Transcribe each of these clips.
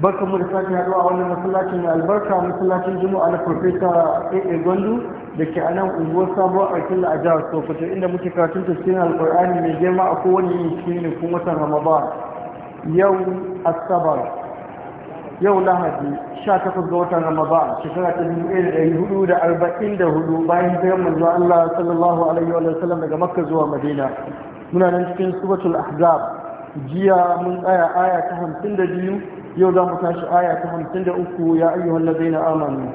barka mu da sake haɗuwa a wannan masallacin albarka masallacin juma'a na profesa a gwandu da ke a nan unguwar sabuwar akilla a jihar sokoto inda muke karatun tafsirin alkur'ani mai girma a kowane yin shi ne kuma watan ramadan yau asabar yau lahadi 18 ga watan ramadan shekara ta dubu ɗaya da ɗari hudu da arba'in da hudu bayan hijirar manzo allah sallallahu alaihi wa sallam daga makka zuwa madina muna nan cikin subatul ahzab jiya mun tsaya aya ta hamsin da biyu يودا متاش آية كهم تندعوكو يا أيها الذين آمنوا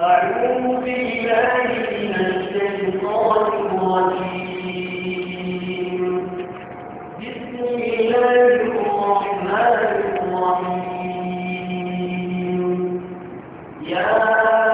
أعوذ بالله من الشيطان الرجيم Yeah.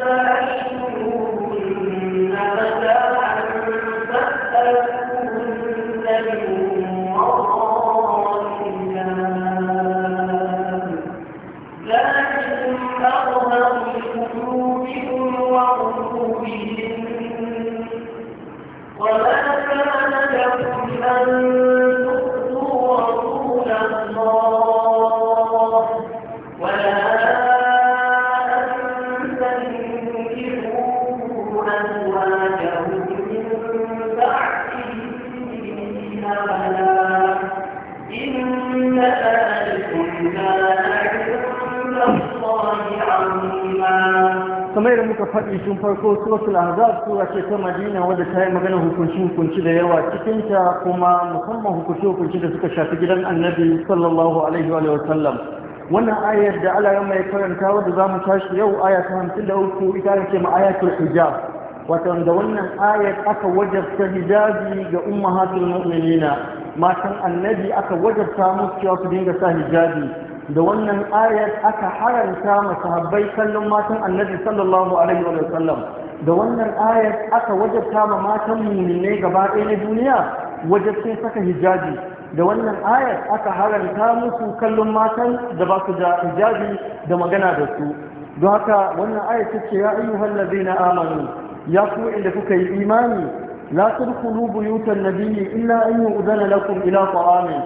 faɗi tun farko suratul ahzab sura ce ta madina wadda ta yi magana hukunci hukunci da yawa cikin ta kuma musamman hukunci hukunci da suka shafi gidan annabi sallallahu alaihi wa sallam wannan ayar da Allah ya mai karanta wadda zamu tashi yau aya ta 53 ita ce ma ayatul hijab wato da wannan ayar aka wajabta hijabi ga ummahatul mu'minina matan annabi aka wajabta musu cewa su dinga sa hijabi da wannan ayat aka haranta masahabbai kallon matan annabi sallallahu alaihi wa sallam da wannan ayat aka wajabta ma matan muminai gaba ɗaya na duniya wajabcin saka hijabi da wannan ayat aka haranta musu kallon matan da ba su da hijabi da magana da su don haka wannan ayat ta ce ya ayyuhal ladina amanu ya ku inda kuka yi imani la tadkhulu buyutan nabiyyi illa an yu'zana lakum ila ta'amin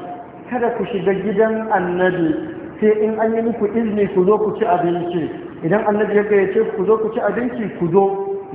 kada ku shiga gidan annabi sai in an yi muku izini ku zo ku ci abinci idan annabi ya ce ku zo ku ci abinci ku zo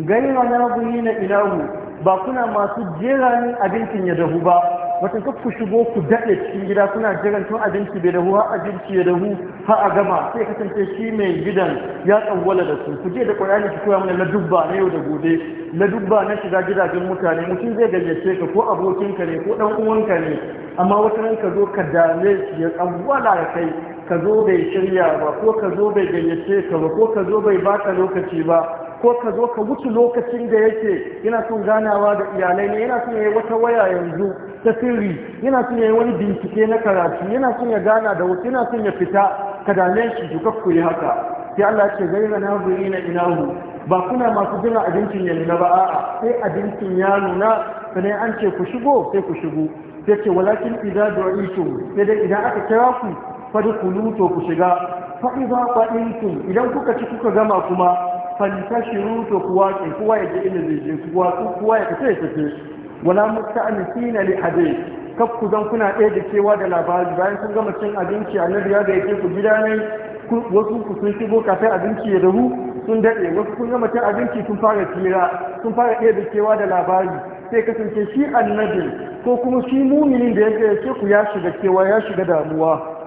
gani na rabuni na ilahu ba kuna masu jeranin abincin ya dahu ba watan ku shigo ku daɗe cikin gida kuna jiran to abinci bai dahu har abinci ya dahu har a gama sai kasance shi mai gidan ya tsawwala da su ku je da qur'ani ku koya mana ladubba na yau da gobe ladubba na shiga gidajen mutane mutum zai gayyace ka ko abokinka ne ko ɗan uwanka ne amma wata ranka zo ka dame shi ya tsawwala kai ka zo bai shirya ba ko ka zo bai gayyace ka ba ko ka zo bai baka lokaci ba ko ka zo ka wuce lokacin da yake yana son ganawa da iyalai ne yana son ya yi wata waya yanzu ta sirri yana son ya yi wani bincike na karatu yana son ya gana da wasu yana son ya fita ka dame shi duka ku yi haka sai Allah ce zai na zuri na inahu ba kuna masu jira abincin ya nuna ba a'a sai abincin ya nuna sanai an ce ku shigo sai ku shigo sai ce walakin idan du'itum sai dai idan aka kira ku fadkhulu to ku shiga fa idza qadintum idan kuka ci kuka gama kuma fantashiru to ku ke kowa ya je inda zai je kowa kowa ya kace tafi wala musta'nisina li hadith kaf ku zan kuna ɗaya da cewa da labari bayan kun gama cin abinci annabi ya yake ku gida ne wasu ku sun shigo kafin abinci ya dahu sun daɗe wasu kun gama cin abinci sun fara tira sun fara ɗaya da cewa da labari sai kasance shi annabi ko kuma shi muminin da ya ce ku ya shiga cewa ya shiga damuwa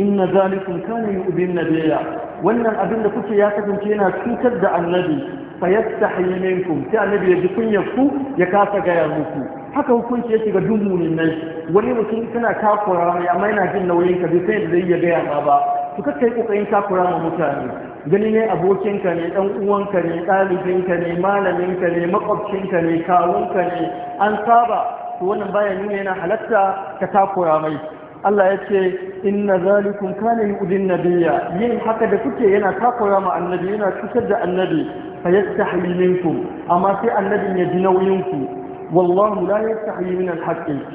inna zalikum kana yu'din nabiyya wannan abin da kuke ya kasance yana cutar da annabi fa yastahi minkum sai annabi ya ji kunyar ku ya kasa gaya muku haka hukunci ya shiga dumunin nan wani mutum kana takura mai amma yana jin nauyin ka bai sai da zai iya gaya ma ba to kakkai kokarin takura ma mutane gani ne abokinka ne ɗan uwanka ne ɗalibinka ne malaminka ne makwabcinka ne kawunka ne an saba to wannan baya nuna yana halatta ka takura mai Allah ya ce inna zalikum kana yu'din nabiyya yin haka da kuke yana takura ma annabi yana cutar da annabi fa yastahi minkum amma sai annabin ya ji nauyin ku wallahu la yastahi min al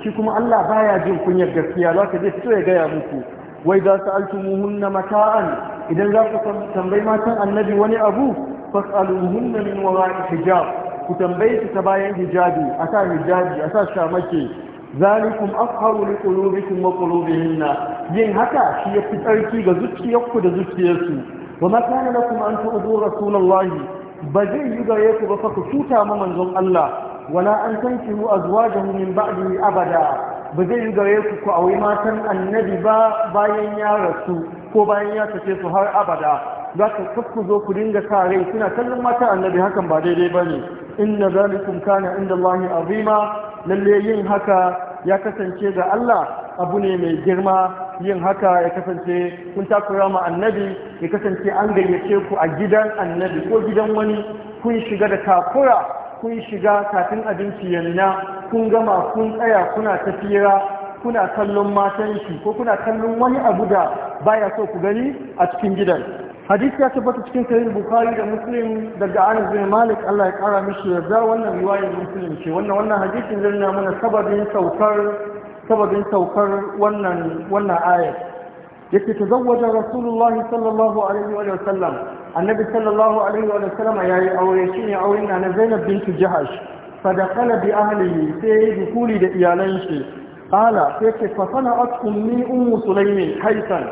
shi kuma Allah baya jin kunyar gaskiya zaka je fito ya gaya muku wai za su mata'an idan za ku tambayi matan annabi wani abu fas'aluhunna min wara'i hijab ku tambaye su ta bayan hijabi sa hijabi sa shamake zalikum afharu li qulubikum wa qulubihinna yin haka shi yafi tsarki ga zuciyarku da zuciyarsu wa ma kana lakum an tu'du rasulullahi ba zai yi gare ku ba fa ku cuta ma manzon Allah wala an tankihu azwajahu min ba'dihi abada ba zai yi gare ku ku auri matan annabi ba bayan ya rasu ko bayan ya tafe su har abada za ka ku zo ku dinga sa rai kallon matan annabi hakan ba daidai ba ne inna zalikum kana inda Allah azima lalle yin haka ya kasance ga Allah abu ne mai girma yin haka ya kasance kun takura ma annabi ya kasance an gayyace ku a gidan annabi ko gidan wani kun shiga da takura kun shiga kafin abinci ya nuna kun gama kun tsaya kuna tafira kuna kallon matan shi ko kuna kallon wani abu da baya so ku gani a cikin gidan hadisi ya tabbata cikin sahih bukhari da muslim daga anas bin malik Allah ya kara mishi yarda wannan riwayar muslim ce wannan wannan hadisin zai nuna mana sababin saukar sababin saukar wannan wannan ayat yake tazawwaja rasulullah sallallahu alaihi wa sallam annabi sallallahu alaihi wa sallam yayi aure shi ne aure na Zainab bint Jahash fa dakala bi ahlihi sai dukuli da iyalan shi qala sai ce fa sana'at ummi ummu sulaimin haitan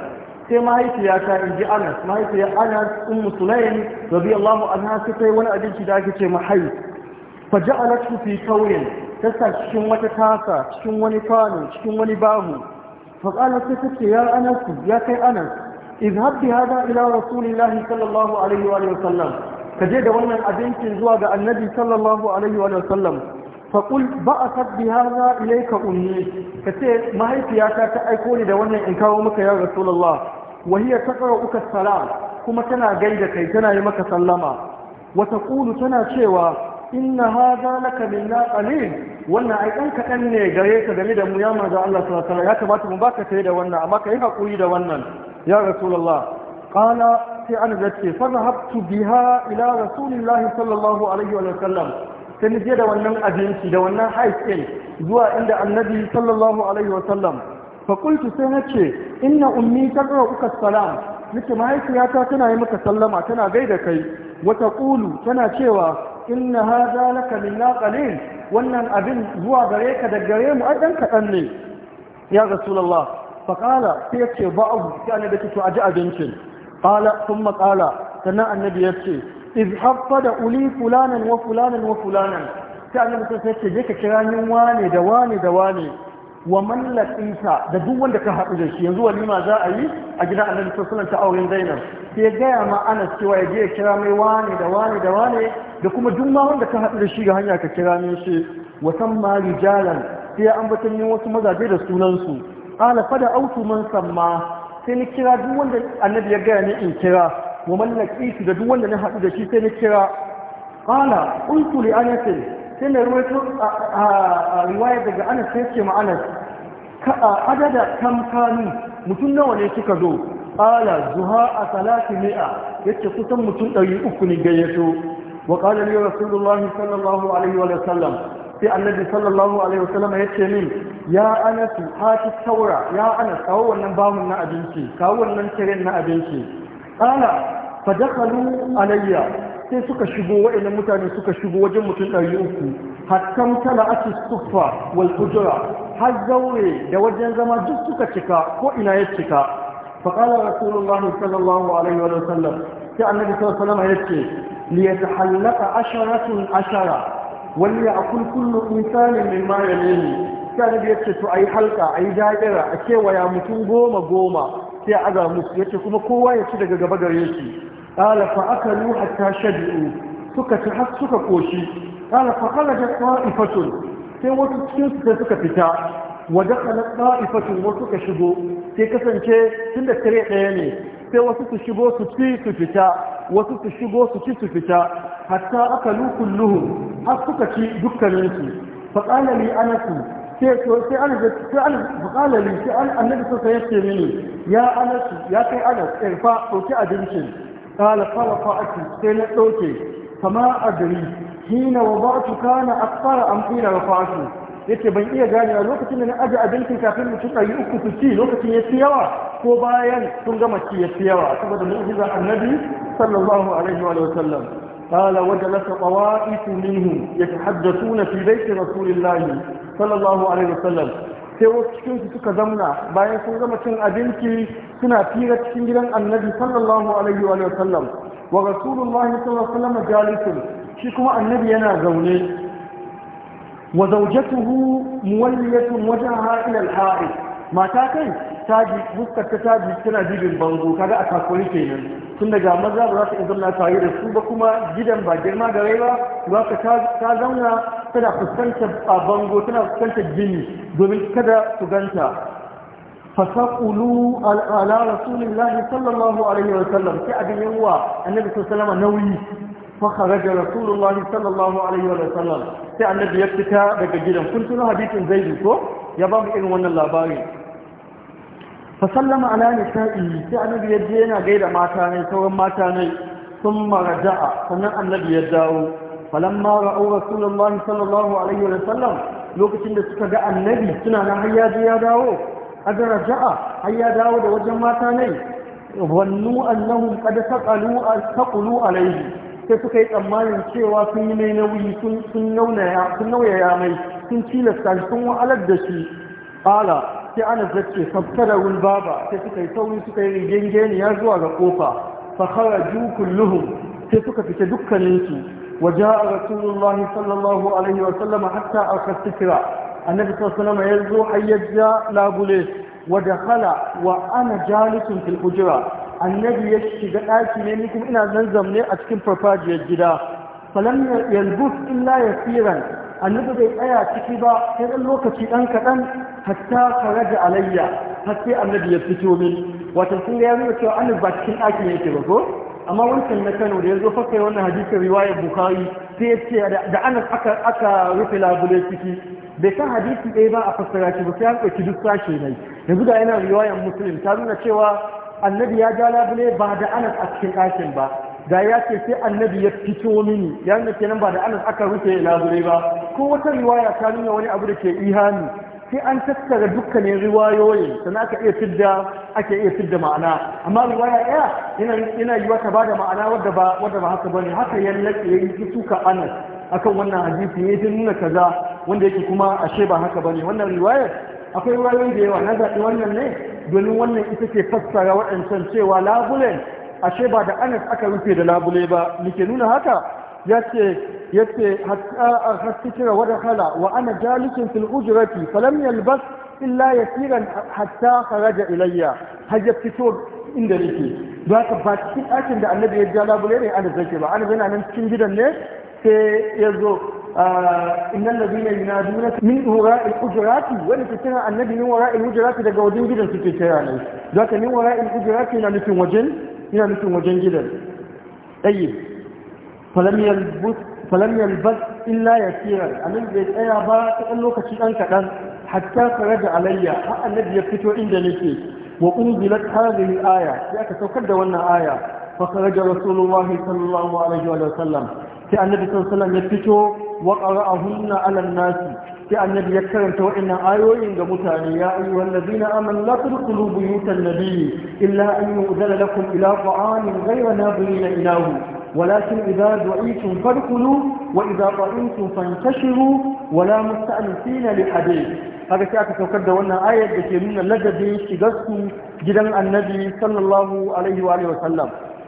sai mahaifiyata in ji anas mahaifiyar anas in musulayin rabi allahu anha su kai wani abinci da ake ce mahai fa ja'alat fi kauyin ta sa cikin wata tasa cikin wani kwano cikin wani bahu fa qala sai ta ce ya anas ya kai anas izhab bi hada ila rasulillahi sallallahu alaihi wa sallam ka je da wannan abincin zuwa ga annabi sallallahu alaihi wa sallam faƙul ba a sabbi haza ilaika ummi ka ce mahaifiyata ta aiko ni da wannan in kawo maka ya rasulullah wahiyar ta ƙara uka salam kuma tana gaida kai tana yi maka sallama wata ƙulu tana cewa inna haza laka na qalil wannan ai ɗan kaɗan ne gare ka game da mu ya manzo Allah sallallahu alaihi ya kamata mu baka sai da wannan amma kai hakuri da wannan ya rasulullah qala sai an zace fa zahabtu biha ila rasulillahi sallallahu alaihi wa sallam ta mu da wannan abinci da wannan haifin zuwa inda annabi sallallahu alaihi wasallam fakultu sai na ce inna ummi taqra uka salam nake mahaifiyata tana yi maka sallama tana gaida kai wata ƙulu tana cewa inna hada laka min laƙalin wannan abin zuwa gare ka da gare mu ai dan ne ya rasulallah, faƙala sai yace ba'u sai annabi to ji abincin qala thumma qala sannan annabi yace izhabta da uli fulanan wa fulanan wa fulanan sai annabi sun sai ce ka kira min wane da wane da wane wa mallakinsa da duk wanda ka haɗu da shi yanzu walima za a yi a gidan annabi sallallahu ta auren zainab sai gaya ma anas cewa ya je ya kira mai wane da wane da wane da kuma duk ma wanda ka haɗu da shi ga hanya ka kira min shi wa samma rijalan sai an batun yin wasu mazaje da sunansu qala fada autu man samma sai ni kira duk wanda annabi ya gaya ni in kira wa mallaki da duk wanda na haɗu da shi sai na kira qala qultu li anas sai na ruwaito a riwaya daga anas sai ce ma anas ka adada kam kanu mutum nawa ne suka zo Ƙala, zuha a salati mi'a yace kusan mutum ɗari uku ne gayyato wa qala li rasulullahi sallallahu alaihi wa sallam sai annabi sallallahu alaihi wa sallam ce min ya anasu hati taura ya anas kawo wannan bamun na abinci kawo wannan tiren na abinci ƙala fa dakhalu alayya sai suka shigo waɗannan mutane suka shigo wajen mutum ɗari uku hattan tala aki sufa wal kujura. har zaure da wajen zama duk suka cika ko ina ya cika fa qala rasulullah sallallahu alaihi wa sallam sai annabi sallallahu alaihi wa sallam li yatahallaqa asharatun ashara wani a akul in insanin min ma yalini sai da ce to ayi halka ayi da'ira a kewaya mutum goma goma sai a musu yace kuma kowa ya ci daga gaba gare shi qala fa akalu hatta shadu suka ci har suka koshi qala fa kharajat qa'ifatun sai wasu cikin su suka fita wa dakhalat qa'ifatun wasu suka shigo sai kasance tunda kare daya ne sai wasu su shigo su ci su fita wasu su shigo su ci su fita hatta akalu kulluhum har suka ci dukkaninsu fa qala li anasu sai to sai sai anas fa li sai annabi sai ya ce mini ya anas ya kai anas irfa dauki abincin qala fa rafa'ati sai na dauke kama adri hina a kana akthara am hina rafa'atu yace ban iya gane a lokacin da na aje abincin kafin mutum ɗari uku su ci lokacin ya fi yawa ko bayan sun gama ci ya fi yawa saboda mu'jizar annabi sallallahu alaihi wa sallam قال وجلس طوائف منهم يتحدثون في بيت رسول الله sallallahu alaihi wasallam sai wasu cikin su suka zamna bayan sun gama cin abinci suna fira cikin gidan annabi sallallahu alaihi wa sallam wa rasulullahi sallallahu alaihi wasallam jalisun shi kuma annabi yana zaune wa zawjatuhu muwalliyatun wajhaha ila al-ha'id mata kai Taji, fuskar ta taji tana jibin bango kaga a kasuwanni kenan tun daga maza ba za ta iya na tare da su ba kuma gidan ba girma da rai ba za ka ta zauna tana fuskantar a bango tana fuskantar gini domin kada su ganta fasaqulu ala rasulillahi sallallahu alaihi wa sallam sai abin yawa annabi sallallahu alaihi nauyi da kharaja rasulullahi sallallahu alaihi wa sallam sai annabi ya fita daga gidan kun tuna zai zaidu ko ya ba mu irin wannan labari fa sallama ala nisa'i sai annabi ya je yana gaida mata ne sauran mata ne sun maraja'a sannan annabi ya dawo falamma ra'u rasulullahi sallallahu alaihi wa sallam lokacin da suka ga annabi suna nan har ya dawo adara ja'a har ya dawo da wajen mata ne wannu annahum qad saqalu saqulu alaihi sai suka yi tsammanin cewa sun yi mai nauyi sun sun naunaya nauyaya mai sun tilasta sun wa'alar da shi qala sai ana zace faftara wul baba sai suka yi sauri suka yi ya zuwa ga kofa fa kharaju kulluhum sai suka fita dukkaninsu wa jaa rasulullahi sallallahu alaihi wa sallam hatta al-khasira annabi sallallahu alaihi wa sallam yazo hayyajja labule wa dakhala wa ana jalisun fil hujra annabi ya shiga daki ne ni kuma ina ne a cikin farfajiyar gida falam yalbus illa yasiran annabi bai tsaya ciki ba sai ɗan lokaci ɗan kaɗan hatta faraja alayya har sai annabi ya fito min wato sun ga ya nuna cewa annabi ba cikin ɗakin yake ba ko amma wancan na Kano da zo fakai wannan hadisin riwayar Bukhari sai ya ce da Anas aka aka rufe labule ciki bai san hadisi ɗaya ba a fassara shi ba sai an ɗauki duk sashe mai. yanzu da yana riwayar Muslim ta nuna cewa annabi ya ja labule ba da Anas a cikin ɗakin ba da ya ce sai annabi ya fito mini ya nuna kenan ba da anas aka rufe labarai ba ko wata riwaya ta nuna wani abu da ke ihani sai an tattara dukkanin riwayoyin sannan aka iya fidda ake iya fidda ma'ana amma riwaya ɗaya yana yana yiwa ta bada ma'ana wadda ba wadda ba haka bane haka ya lake yayi suka anas akan wannan hadisi ne ta nuna kaza wanda yake kuma ashe ba haka bane wannan riwayar akwai riwayoyi da yawa na zaɓi wannan ne domin wannan ita ce fassara waɗancan cewa labulen ashe ba da anas aka rufe da labule ba muke nuna haka yace yace hatta arhasikira wa dakhala wa ana jalisun fil ujrati falam yalbas illa yasiran hatta kharaja ilayya har ya fito inda nake ba ka ba cikin ɗakin da annabi ya ja labule ne anas yake ba anas yana nan cikin gidan ne sai ya zo إن الذين ينادون من وراء الحجرات ولكتنا النبي من وراء الحجرات ده جودين جدا في كتيراني ذاك من وراء الحجرات نمت وجن ina nufin wajen gidan ɗaye falam yalbas illa ya sirar a nan bai tsaya ba ta ɗan lokaci ɗan kaɗan hatta fara da alayya har annabi ya fito inda nake wa unzilat hadhihi aya Ya aka saukar da wannan aya fa kharaja rasulullahi sallallahu alaihi wa sallam sai annabi sallallahu alaihi wa sallam ya fito wa qara'ahunna ala nasi sai annabi ya karanta wa'annan ayoyin ga mutane ya ayi wallazina amanu la tadkhulu buyutan nabiyyi illa an yu'zala lakum ila ta'amin ghayra nadhirina ilahu ولكن إذا دعيتم فادخلوا وإذا طعمتم فانتشروا ولا مستأنسين لحديث haka sai aka saukar da wannan ayar da ke nuna ladabin shigarsu gidan annabi sallallahu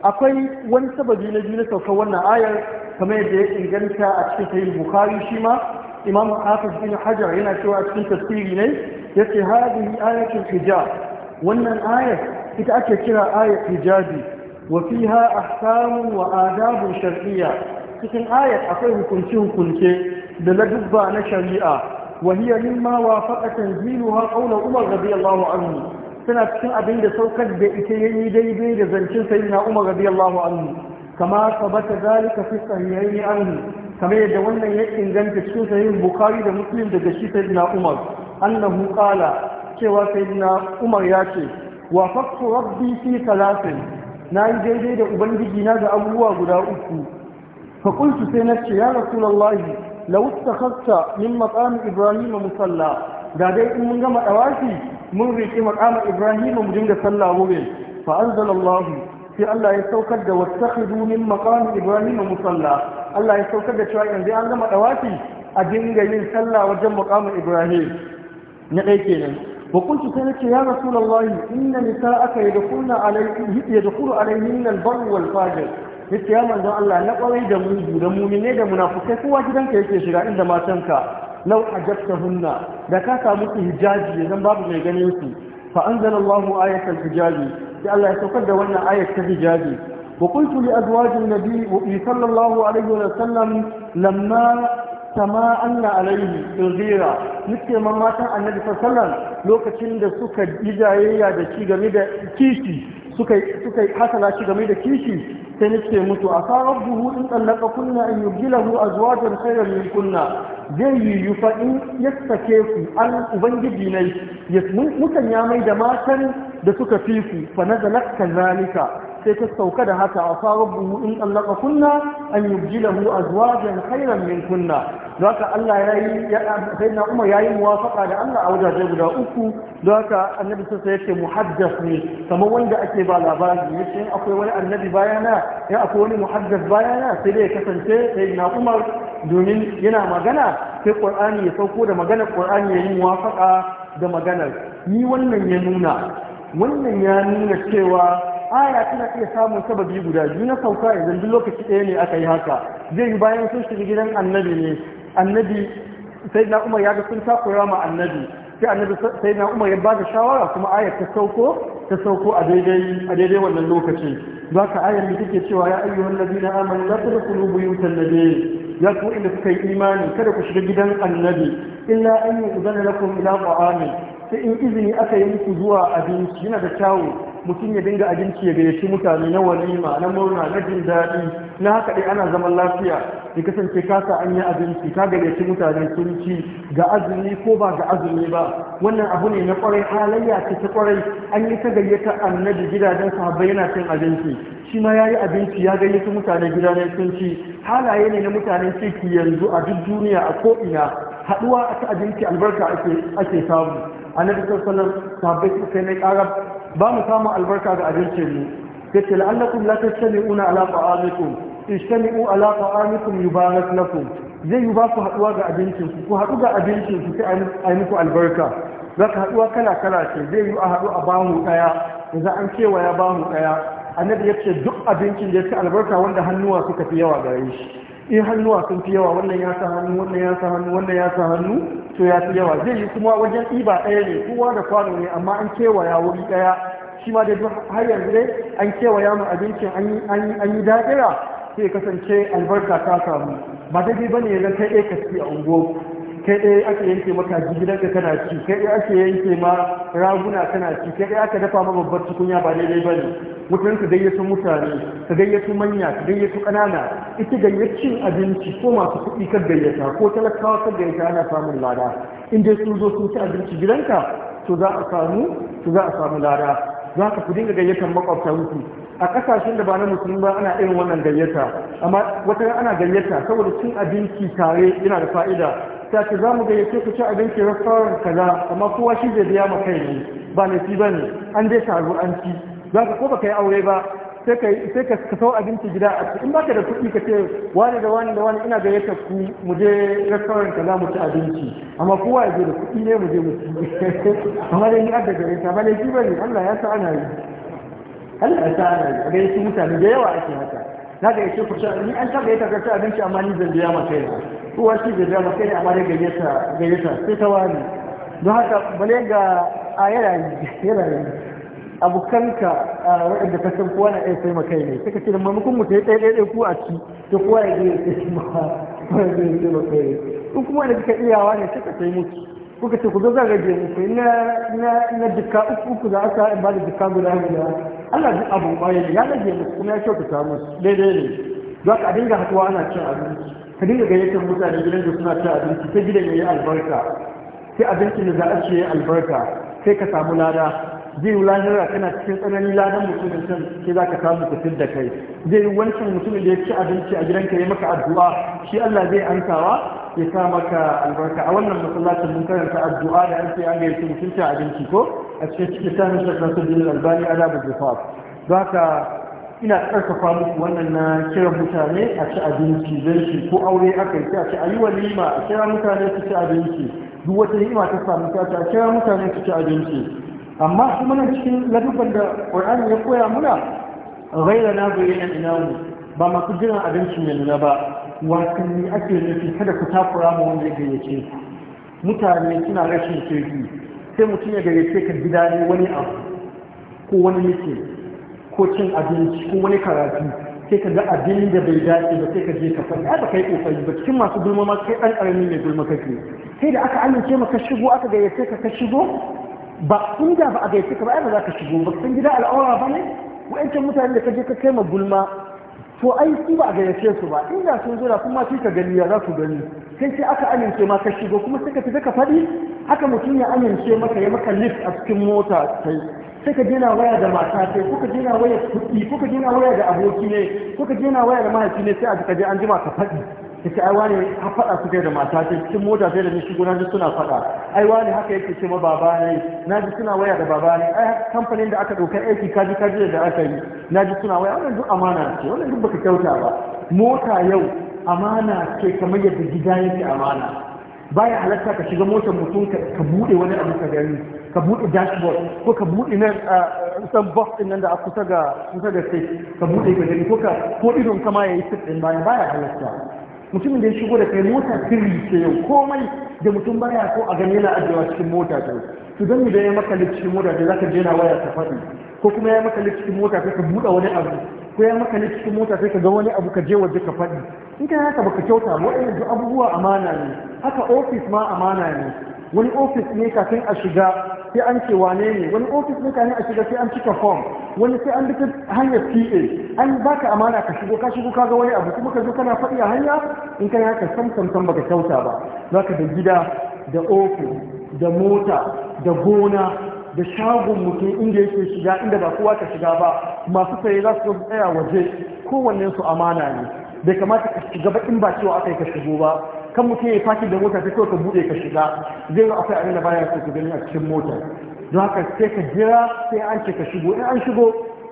akwai wani sababi na biyu na saukar wannan ayar kamar yadda ya inganta a cikin sahih bukhari shima? imam hafiz bin hajar yana cewa cikin tafsiri ne Ya ce hadhihi ayatul hijab wannan ayat ita ake kira ayat hijabi wa a ahkamu wa adabun shar'iyya cikin ayat akwai hukunci hukunce da ladubba na shari'a wa hiya mimma wafaqa tanziluha qawla umar radiyallahu anhu tana cikin abin da saukar da ita yayi daidai da zancin na umar radiyallahu anhu kama sabata zalika fi sahihaini anhu kamar yadda wannan ya inganta cikin sahihin bukhari da muslim daga shi sayyidina umar annahu qala cewa sayyidina umar ya ce wa fakku rabbi fi salatin na yi daidai da ubangiji na da abubuwa guda uku fa qultu sai na ce ya rasulullahi law ittakhadta min maqam ibrahim musalla da dai in mun gama dawafi mun riki maqam ibrahim mu dinga sallah wurin fa anzalallahu sai Allah ya saukar da wattakhidhu min maqam ibrahim musalla Allah ya saukar da cewa yanzu an gama dawafi a dinga yin sallah wajen muqamin Ibrahim na dai kenan wa kuntu sai nace ya rasulullahi inna nisa'aka yadkhuluna alayhi yadkhulu alayhin al-bar wal fajir yace ya manzon Allah na kwarai da mu da mu'mine da munafikai kowa gidanka yake shiga inda matanka law ajabtahunna da ka samu su hijaji dan babu mai ganin su fa anzalallahu ayatal hijabi sai Allah ya saukar da wannan ayat ta hijabi وقلت لأزواج النبي صلى الله عليه وسلم لما sama Allah alaihi tsira nake man matan annabi sallallahu lokacin da suka bijayayya da shi game da kishi suka suka hasala shi game da kishi sai nake mutu asa rabbuhu in tsallaka kunna an yubdilahu azwajan khayran min kunna zai yi fa in yassake ku an ubangiji ne ya ya mai da matan da suka fi ku fa nazalat kazalika sai ta sauka da haka a farabbu in allaka kunna an yubjilahu azwajan hairan min kunna don haka Allah yayi sai na Umar yayi muwafaka da Allah a wajaje guda uku don haka annabi sai yace muhaddas ne kamar wanda ake ba labari ya ce akwai wani annabi bayana in akwai wani muhaddas bayana sai ya kasance sai na Umar domin yana magana sai ƙur'ani ya sauko da maganar ya yi muwafaqa da maganar ni wannan ya nuna wannan ya nuna cewa aya tana iya samun sababi guda biyu na sauka idan duk lokaci ɗaya ne aka yi haka zai yi bayan sun shiga gidan annabi ne annabi sai na umar ya ga sun takura ma annabi sai annabi sai na umar ya ba da shawara kuma ayar ta sauko ta sauko a daidai a daidai wannan lokacin za ka ayar da take cewa ya ayyuhan ladina amanu la tadkhulu buyutan nabiy ya ku inda kuka yi imani kada ku shiga gidan annabi illa an yu'zana lakum ila ta'amin sai in izini aka yi muku zuwa abinci yana da kyawu mutum ya dinga abinci ya gayyaci mutane na walima na murna na jin daɗi na haka dai ana zaman lafiya ya kasance ka sa an yi abinci ka gayyaci mutane sun ci ga azumi ko ba ga azumi ba wannan abu ne na kwarai halayya ce ta kwarai an yi ta gayyata annabi gidajen sahabbai yana cin abinci shi ma ya yi abinci ya gayyaci mutane gidajen sun ci halaye ne na mutanen ciki yanzu a duk duniya a ko'ina haɗuwa a ta abinci albarka ake samu A sallallahu alaihi wasallam sahabbai suka kai na ƙarar ba mu samu albarka ga abincin mu yace la'allakum la tastami'una ala ta'amikum istami'u ala ta'amikum yubarak lakum zai yi ba ku haduwa ga abincin ku ku ga abincin ku sai a muku albarka ka haɗuwa kala kala ce zai yi a haɗu a bamu Da za an cewa ya bamu daya annabi ce duk abincin da yake albarka wanda hannuwa suka fi yawa gare shi in hannuwa sun fi yawa wannan ya sa hannu wannan ya sa hannu wannan ya sa hannu to ya fi yawa zai yi kuma wajen ɗiba ɗaya ne kowa da kwano ne amma an kewaya wuri ɗaya shi ma da duk har yanzu dai an kewaya mu abincin an yi daɗira sai kasance albarka ta samu ba daidai ba ne ya kai ɗaya a unguwa kai ɗaya aka yanke maka jigilar ka kana ci kai ɗaya aka yanke ma raguna kana ci kai ɗaya aka dafa ma babbar tukunya ba daidai ba ne mutum ka gayyato mutane ka gayyato manya ka gayyato ƙanana ita gayyacin abinci ko masu kuɗi kan gayyata ko talakawa kan gayyata ana samun lada in dai sun zo sun ci abinci gidanka to za a samu to za a samu lada za ka fi dinga gayyatar makwabtanku a kasashen da ba na musulmi ba ana irin wannan gayyata amma wata ana gayyata saboda cin abinci tare yana da fa'ida ta ce za mu gayyace ku ci abinci restaurant kaza amma kowa shi zai biya maka ne ba laifi ba ne an dai taru an ci za ka ko ka yi aure ba sai ka sau abinci gida a ba baka da kuɗi ka ce wani da wani da wani ina yake ku mu je restaurant kaza mu ci abinci amma kowa ya je da kuɗi ne mu je mu ci amma dai ni adda gare ta ba ne ba ne Allah ya sa ana yi Allah ya sa ana yi a yake mutane da yawa ake haka na gayyace ku ci ni an yake ka ci abinci amma ni zan biya maka ne. uwa shi da dama kai a dai gayyata gayyata sai ta wani don haka bale ga a yana yana abokanka waɗanda ka san kowa na iya sai makai ne suka ce da mamakon mu sai ɗaya ɗaya ku a ci ta kowa ya gaya sai ma kowa ya gaya sai makai ne in kuma da kuka iyawa ne suka sai mutu kuka ce ku zo zagaje rage muku na na na dukka uku uku za a sa in ba da dukka guda guda Allah duk abu ne ya rage muku kuma ya kyautata musu daidai ne za ka dinga hatuwa ana cin abinci ka dinga gayyatar mutane gidan da suna ta abinci ta gidan yayi albarka sai abincin da za a ce albarka sai ka samu lada zai yi lahira kana cikin tsananin ladan mutumin can sai za ka samu kusur da kai zai yi wancan mutumin da ya ci abinci a ka ya maka addu'a shi Allah zai ansawa ya sa maka albarka a wannan masallacin mun karanta addu'a da an sai an gayyaci mutunta abinci ko a cikin cikin sanin shakar su albani adabul zufaf za ka ina karfafa muku wannan na kiran mutane a ci abinci zai ce ko aure aka yi a ce a yi a kira mutane su ci abinci duk wata ni'ima ta samu ta a kira mutane su ci abinci amma su mana cikin ladubar da Qur'ani ya koya muna Raira na ina mu, ba masu jiran abincin ya nuna ba wasanni ake nufi kada ku takura mu wanda ya gayyace ku mutane suna rashin kirki sai mutum ya gayyace ka gida ne wani abu ko wani mutum ko cin abinci ko wani karatu sai ka ga abin da bai dace ba sai ka je ka faɗi ba kai kokari ba cikin masu gulma ma kai dan karami mai gulma kake sai da aka amince maka shigo aka gayyace ka ka shigo ba inda ba a gayyace ka ba ba za ka shigo ba san gida al'aura ba ne wa'ancan mutane da ka je ka kai ma gulma to ai su ba a gayyace su ba inda sun zo da kuma sai ka gani ya za ku gani sai sai aka amince ma ka shigo kuma sai ka tafi ka faɗi haka mutum ya amince maka ya maka lift a cikin mota sai sai ka jina waya da mata ce kuka jina waya kuɗi kuka jina waya da aboki ne kuka jina waya da mahaifi ne sai a kaje an jima ka faɗi ka ce aiwa ne an faɗa su da mata ce cikin mota sai da ni shigo na ji suna faɗa aiwa ne haka yake ce ma baba ne na ji suna waya da baba ne ai kamfanin da aka ɗaukar aiki kaji kaji da aka yi na ji suna waya wannan duk amana ce wannan duk baka kyauta ba mota yau amana ce kamar yadda gida yake amana baya halatta ka shiga motar mutum ka buɗe wani abu ka gani ka buɗe dashboard ko ka buɗe na san box ɗin nan da aka kusa ga kusa da sai ka buɗe ga gani ko ka ko idon kama yayi sit ɗin bayan baya halatta mutumin da ya shigo da kai mota sirri ce yau komai da mutum baya ko a gani yana ajiyewa cikin mota ta to dan mu da ya maka cikin mota da zaka je na waya ta faɗi ko kuma ya maka cikin mota sai ka buɗe wani abu ko ya maka cikin mota sai ka ga wani abu ka je waje ka faɗi in kai haka baka kyauta ba waɗannan abubuwa amana ne haka ofis ma amana ne wani ofis ne kafin a shiga sai an ce wane ne wani ofis ne kafin a shiga sai an cika form wani sai an bi hanyar PA an baka amana ka shigo ka shigo kaga wani abu kuma ka zo kana faɗi a hanya in kana haka sam sam sam baka kyauta ba zaka da gida da ofis da mota da gona da shagon mutum inda yake shiga inda ba kowa ka shiga ba masu saye za su tsaya waje kowannen su amana ne bai kamata ka shiga ba in ba cewa aka yi ka shigo ba kan mutum ya fakin da mota sai kawai ka bude ka shiga zai akwai abin da baya so ka gani a cikin mota don haka sai ka jira sai an ce ka shigo in an shigo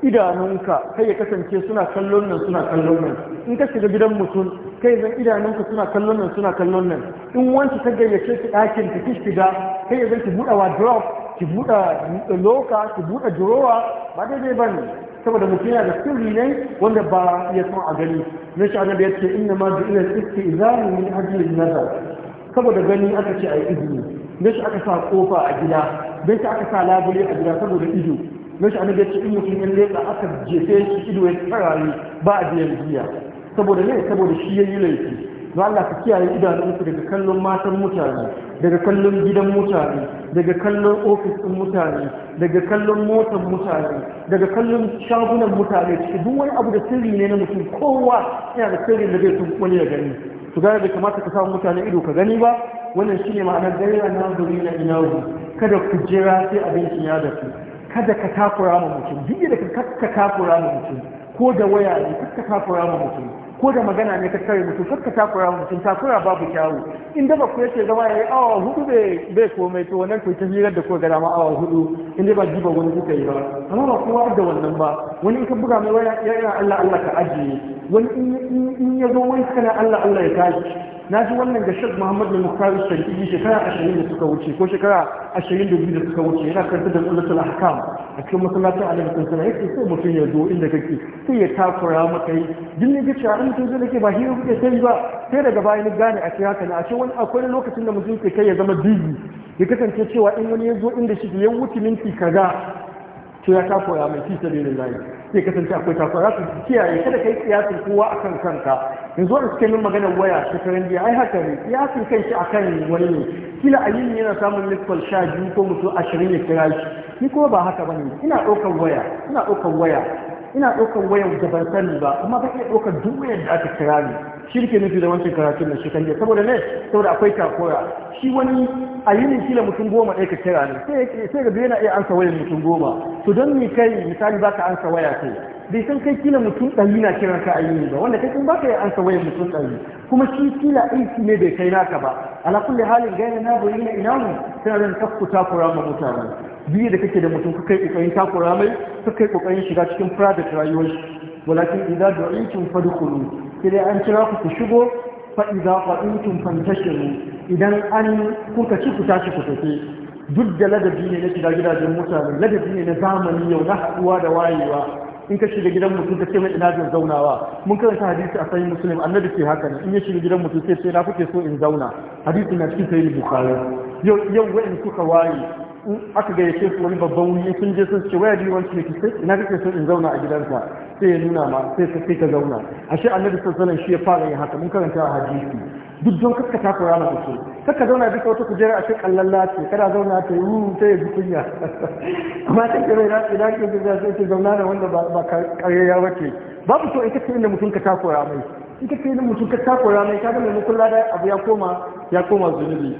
idanunka kai ya kasance suna kallon nan suna kallon nan in ka shiga gidan mutum kai zan idanunka suna kallon nan suna kallon nan in wancan ta gayyace ki ɗakin ta ki shiga kai ya zan ki buɗe drop ki buɗe loka ki buɗe durowa ba daidai ba ne saboda mutum yana da sirri ne wanda ba ya san a gani na shi annabi ya ce inna ma ju'ila istizani min na nazar saboda gani aka ce ayi izini na shi aka sa kofa a gida dan shi aka sa labule a gida saboda ido na annabi ya ce in mutum ya leka aka jefe shi ido ya tsara ba a biyan jiya saboda ne saboda shi yayi laifi to Allah ka kiyaye idanunsu daga kallon matan mutane daga kallon gidan mutane daga kallon ofis ɗin mutane daga kallon motar mutane daga kallon shagunan mutane cikin duk wani abu da sirri ne na mutum kowa yana da sirrin da zai tun wani ya gani to gane bai kamata ka samu mutane ido ka gani ba wannan shine ma'anar gaira na zuri na inahu kada ku jira sai abincin ya dafu kada ka takura ma mutum duk da ka takura ma mutum ko da waya ne ka takura ma mutum ko da magana ne ka kare mutum kakka takura mutum takura babu kyawu in da ku yake zama yi awa hudu bai komai to wannan to ta hirar da ko gara awa hudu in dai ba jiba wani kuka yi ba amma ba kowa da wannan ba wani in ka buga mai waya yana Allah Allah ka ajiye wani in ya zo wani kana Allah Allah ya tashi na ji wannan ga shek muhammad da mukari sarki shekara ashirin da suka wuce ko shekara ashirin da biyu da suka wuce yana karanta da na haka a cikin masallacin alim sansana ya ce sai mutum ya zo inda kake sai ya takura maka yi din ne gaci a mutum zai ke ba hira kuke sai ba sai daga baya ni gane a cikin haka na a ce wani akwai lokacin da mutum ke kai ya zama biyu ya kasance cewa in wani ya zo inda shi ya wuce minti kaza to ya takura mai fi sabi lillahi sai kasance akwai takura za su kiyaye kada ka yi kiyasin kowa akan kanka yanzu wanda suke min maganar waya shekaran jiya ai haka ne kiyasin kanshi akan wani ne kila a yin yana samun nufin sha biyu ko mutum ashirin ya kira shi ni kuma ba haka bane ina ɗaukar waya ina ɗaukar waya ina ɗaukar wayar da ban sani ba amma ba iya ɗaukar duk wayar da aka kira ni shi ke nufi da wancan karatun da shekan jiya saboda ne saboda akwai takora shi wani a ne kila mutum goma ɗaya ka kira ne sai ga yana iya ansa wayar mutum goma to don ni kai misali baka ansa waya kai bai san kai kila mutum ɗari na kiran ka a yini ba wanda kai ba ka iya ansa wayar mutum ɗari kuma shi kila aiki ne bai kai naka ba ala halin gaina na bayi na ina mu tana zan tafku takura ma mutane biyu da kake da mutum kakai kokarin takura mai kakai kokarin shiga cikin private rayuwar walakin idza du'itum fadkhulu sai dai an kira ku ku shigo fa idza qa'imtum fantashiru idan an kuka ci ku tashi ku tafi duk da ladabi ne na shiga gidajen mutane ladabi ne na zamani yau na haɗuwa da wayewa in ka shiga gidan mutum ka ce mai ina jin zaunawa mun karanta hadisi a sahih muslim annabi ce haka ne in ya shiga gidan mutum sai sai na kuke so in zauna hadisi na cikin sahih bukhari yau yau wa'in suka waye in aka gayyace su wani babban wuri sun je sun waya biyu wancan sai kake so in zauna a gidansa sai ya nuna ma sai ka sai ka zauna ashe annabi sallallahu shi ya fara yin haka mun karanta a hadisi duk don kaka ta kora maka su kakka zauna duka wata kujera ashe kallan lati kada zauna ta yi ta yi kunya amma ta kira ina ina ke da sai ta zauna da wanda ba karyayya wace. babu so ita ce inda mutum ka takura mai ita ce inda mutum ka takura mai ka ga maimakon lada abu ya koma ya koma zunubi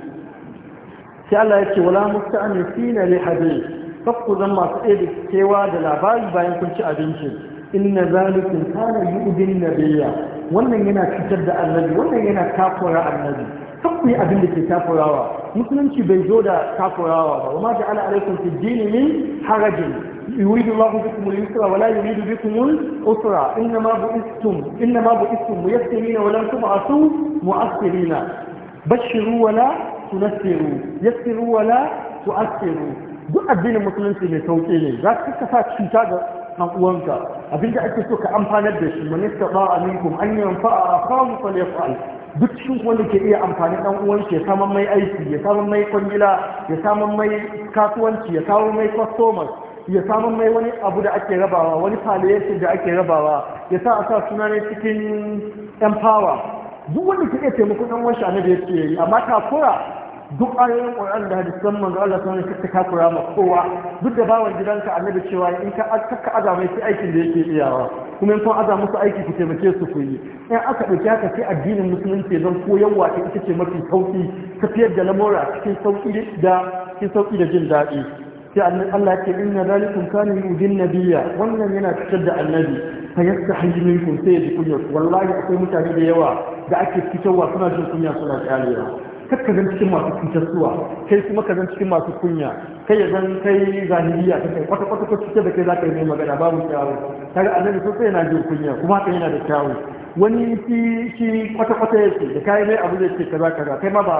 sai Allah ya ce wala musta'anifina li hadith kakku zan masu ɗaya da kewa da labari bayan kun ci abinci inna zalikum kana yu'din nabiyya wannan yana cutar da annabi wannan yana takura annabi kan yi abin da ke takurawa musulunci bai zo da takurawa ba wa ma ja'ala alaikum fi dini min harajin يريد الله بكم اليسر ولا يريد بكم الأسرى إنما بئستم إنما بئستم ميسرين ولم تبعثوا مؤثرين بشروا ولا تنسروا يسروا ولا تؤثروا duk addinin musulunci mai sauƙi ne za ka kasa cuta dan uwanka abinda ake so ka amfanar da shi ba a minkum an yanfa'a ya falyaf'al duk shi wanda ke iya amfani ɗan uwan shi ya mai aiki ya saman mai kwangila ya saman mai kasuwanci ya saman mai customer ya saman mai wani abu da ake rabawa wani palliative da ake rabawa ya sa a sa suna ne cikin empower duk wanda ke iya taimakon dan uwan shi da yake yi amma takura duk ayoyin Qur'an da hadisan manzo Allah sun ta kakura ma kowa duk da bawan gidanka annabi cewa in ka aka azamai mai sai aikin da yake iyawa kuma in kun aza musu aiki ku taimake su ku yi in aka ɗauki haka sai addinin musulunci zan koyarwa ta ita ce mafi sauki tafiyar da lamura cikin sauki da cikin sauki da jin daɗi sai Allah ya ce inna zalikum kana yudin nabiyya wannan yana fitar da annabi fa yastahi minkum sai wallahi akwai mutane da yawa da ake fitarwa suna jin kunya suna kyalewa kakka zan cikin masu cutarsuwa kai kuma ka zan cikin masu kunya kai ya zan kai zahiriya ta kai kwata kwata cike da kai za ka yi mai magana babu kyawu kaga annabi sai yana jin kunya kuma haka yana da kyawu wani shi shi kwata kwata yake da kai mai abu zai ce kaza kaza kai ma ba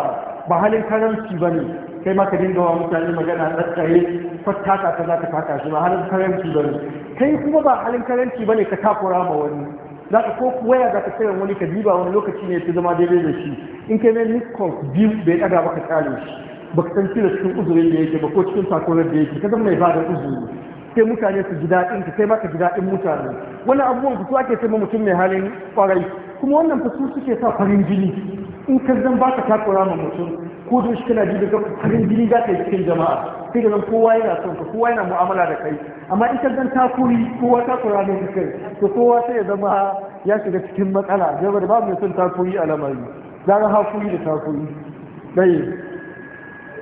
ba halin karanci ne. kai ma ka dinga wa mutane magana tsatsaye kwata ka kaza ka taka shi ba halin karanci ne kai kuma ba halin karanci ne ka takura ma wani za ka ko waya za ka tsaya wani ka diba wani lokaci ne ta zama daidai da shi in kai mai miscon biyu bai daga baka kare shi ba ka san cire cikin uzurin da yake ba ko cikin takurar da yake ka zama mai ba uzuri sai mutane su ji daɗin ka sai maka ji daɗin mutane wani abubuwan su ake sai mutum mai halin kwarai kuma wannan fasu suke sa farin jini in ka zan baka takura ma mutum ko da shi kana ji daga farin jini za ka yi cikin jama'a sai ga kowa yana son ka kowa yana mu'amala da kai amma in ka zan takuri kowa takura ne ka kai to kowa sai ya zama ya shiga cikin matsala jama'a da babu mai son takuri a lamari zan hakuri da takuri dai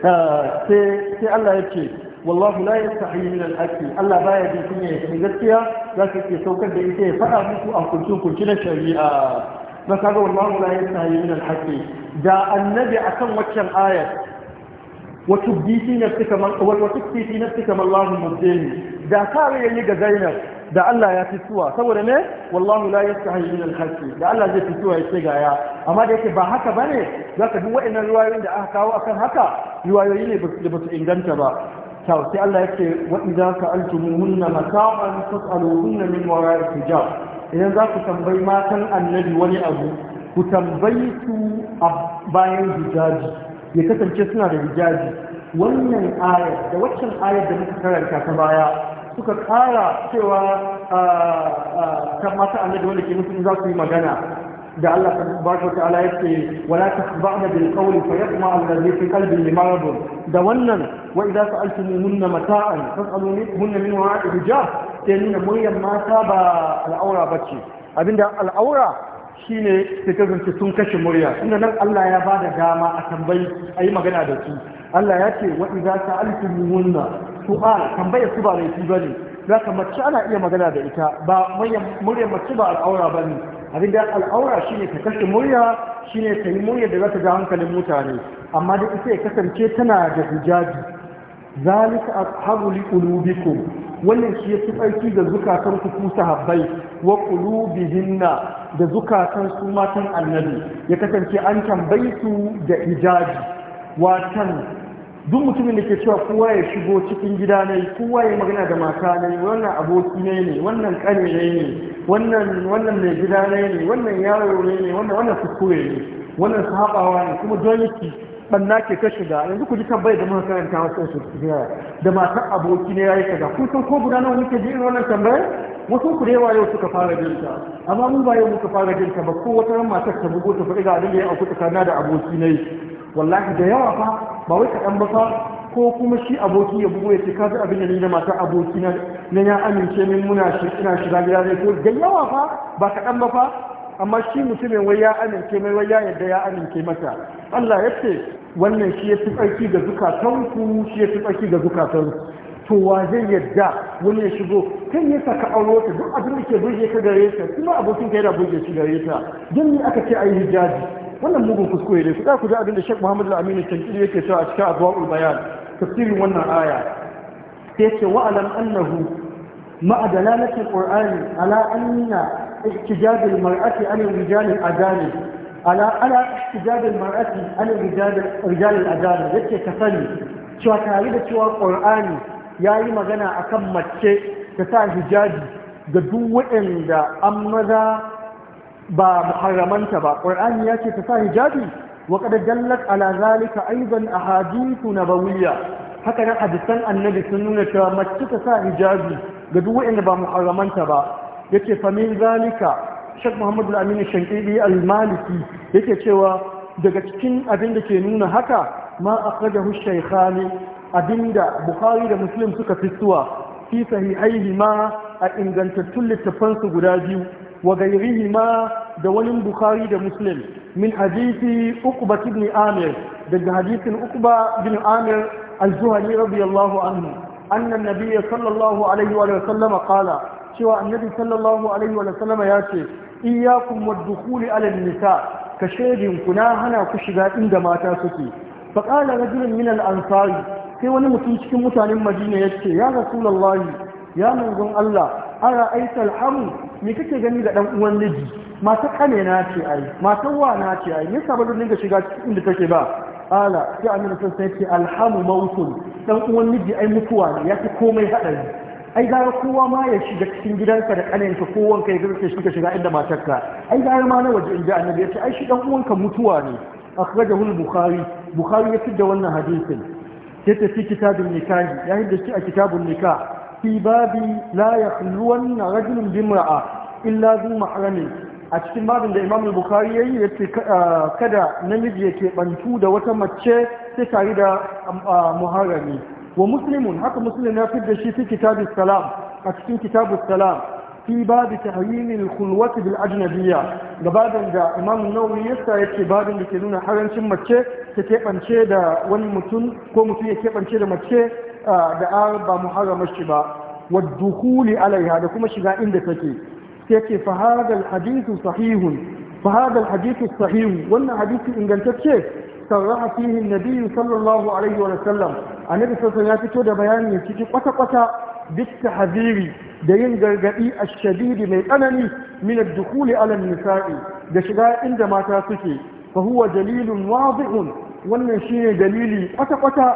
ah, sai sai Allah ya ce wallahu la yastahi min al akli Allah baya jin kunya ya san gaskiya za ka ke saukar da ita ya faɗa muku a kuncin kunci na shari'a na kaga wallahu la yastahi min al-haqi da annabi akan waccan ayat وتبدي في نفسك من وتكفي في da kare yayi ga Zainab da Allah ya fituwa suwa saboda ne wallahu la yastahi min al da Allah zai fi ya ce ga ya amma da yake ba haka bane zaka duk wa'annan riwayoyin da aka kawo akan haka riwayoyi ne da ba su inganta ba to sai Allah yake wa idza sa'altumuhunna mata'an fas'aluhunna min wara'i hijab idan za ku tambayi matan annabi wani abu ku tambayi su bayan hijabi ya kasance suna da hijabi wannan ayar da waccan ayar da muka karanta ta baya suka kara cewa ah, ah, ta mata annabi wanda ke mutum za su yi magana da Allah tabaraka ta'ala yake wala tasba'na bil qawli fa yaqma alladhi fi qalbi marad da wannan wa idza sa'altumuhunna mata'an fas'alunihunna min wara'i hijab sai nuna muryar mata ba al'aura bace abinda al'aura Shi ne su kasance sun kashe murya inda nan Allah ya ba da dama a tambayi a yi magana da su Allah ya ce wa idza sa'altumuhunna su'al tambaya su ba ne. bane ka mace ana iya magana da ita ba murya mace ba al'aura bane abin da al'aura shine ta kashe murya shine ta yi murya da za ta ga hankalin mutane amma da ita ya kasance tana da hijabi zalika ashabu li wannan shi yake tsarki da zukatanku ku ku sahabbai wa qulubihinna da zukatan su matan annabi ya kasance an tambayi su da ijaji watan duk mutumin da ke cewa kowa ya shigo cikin gida ne kowa ya magana da mata ne wannan aboki ne ne wannan kane ne ne wannan wannan mai gida ne ne wannan yaro ne ne wannan wannan kuskure ne wannan sahabawa ne kuma don yake banna ke ka shiga yanzu ku ji tambayar da muka karanta wasu su da matan aboki ne ya yi kaza kun san ko guda nawa muke ji irin wannan tambayar wasu ku yawa yau suka fara jinta amma mun ba yau muka fara jinta ba ko wata ran matar ta bugo ta faɗi ga abin da ya auku tsakana da aboki ne wallahi da yawa fa ba wai kaɗan ba fa ko kuma shi aboki ya bugo ya ce ka abin da ni da matar aboki na ya amince min muna shi ina shiga gida ne ko da yawa fa ba kaɗan ba fa amma shi mutumin wai ya amince mai wai ya yadda ya amince mata Allah ya ce wannan shi ya fi tsarki ga ku shi ya fi tsarki ga zukatanku to wa zai yadda wani ya shigo kan ya saka auro ta duk abin da ke burge ka gare ta kuma abokin ka yana burge shi gare ta don ne aka ce a yi hijabi wannan mugun kuskure ne ku ku ji abin da Sheikh Muhammad Al-Amin Tankiri yake cewa a cikin Adwaul Bayan tafsirin wannan aya sai ce wa'alam annahu ma'a dalalatul Qur'ani ala anna احتجاج المرأة عن الرجال الأجانب على على احتجاج المرأة عن الرجال cewa tare da cewa Qur'ani yayi magana akan mace ta sa hijabi ga duk waɗanda an maza ba muharramanta ba Qur'ani ya ce ta sa hijabi wa qad dallat ala zalika aidan ahadithu nabawiyya haka nan hadisan annabi sun nuna cewa mace ta sa hijabi ga duk waɗanda ba muharramanta ba yake famin zalika shek muhammadu aminu shankidi al-maliki yake cewa daga cikin abin da ke nuna haka ma akhrajahu shaykhani abinda bukhari da muslim suka fitowa fi sahihaihi ma a ingantattun littafansu guda biyu wa gairihi ma da wani bukhari da muslim min hadisi uqba ibn amir daga hadisin uqba ibn amir al-zuhani radiyallahu anhu anna an-nabiy sallallahu alaihi wa sallam qala cewa annabi sallallahu alaihi wa sallam ya ce iyyakum wadkhuli ala nisa ka shedin ku na hana ku shiga inda mata suke fa qala rajulun min al ansari sai wani mutum cikin mutanen madina ya ce ya rasulullahi ya manzon Allah ara aita alhamu me kake gani da dan uwan miji mata kane na ce ai mata wa na ce ai me sabon dinga shiga inda take ba ala sai annabi sai ce alhamu mautun dan uwan miji ai mutuwa ne yafi komai hadari ai gara kowa ma ya shiga cikin gidanka da kaninka ko kai ya garke shiga shiga inda matarka ai gara ma na waje in ji annabi ya ce ai shi dan uwanka mutuwa ne akhrajahu al-bukhari bukhari ya fitar da wannan hadisin ya tafi fi kitabun nikahi ya yi da shi a kitabun nikah fi babi la yakhluwanna rajulun bimra'a illa zu a cikin babin da imamul bukhari ya yi kada namiji ya ke bantu da wata mace sai tare da muharami wa muslimun haka muslim ya da shi fi kitabus salam a cikin kitabus salam fi babu tahrimin khulwati bil ajnabiyya da babin da imam nawawi yasa yake babin da ke nuna harancin mace ta kebance da wani mutum ko mutum ya kebance da mace da an ba muharramar shi ba wa dukhuli alaiha da kuma shiga inda take sai ce fa sahihu hadithu sahihun sahihu wannan hadisi ingantacce sarraha fihi an-nabi sallallahu alaihi wa sallam annabi sassan ya fito da bayani cikin ciki kwata-kwata duk tahziri da yin gargadi a shadidi mai tsanani minar dukuli dukhuli nisa'i da shiga inda mata suke fa huwa dalilun wadihun wannan shine dalili kwata-kwata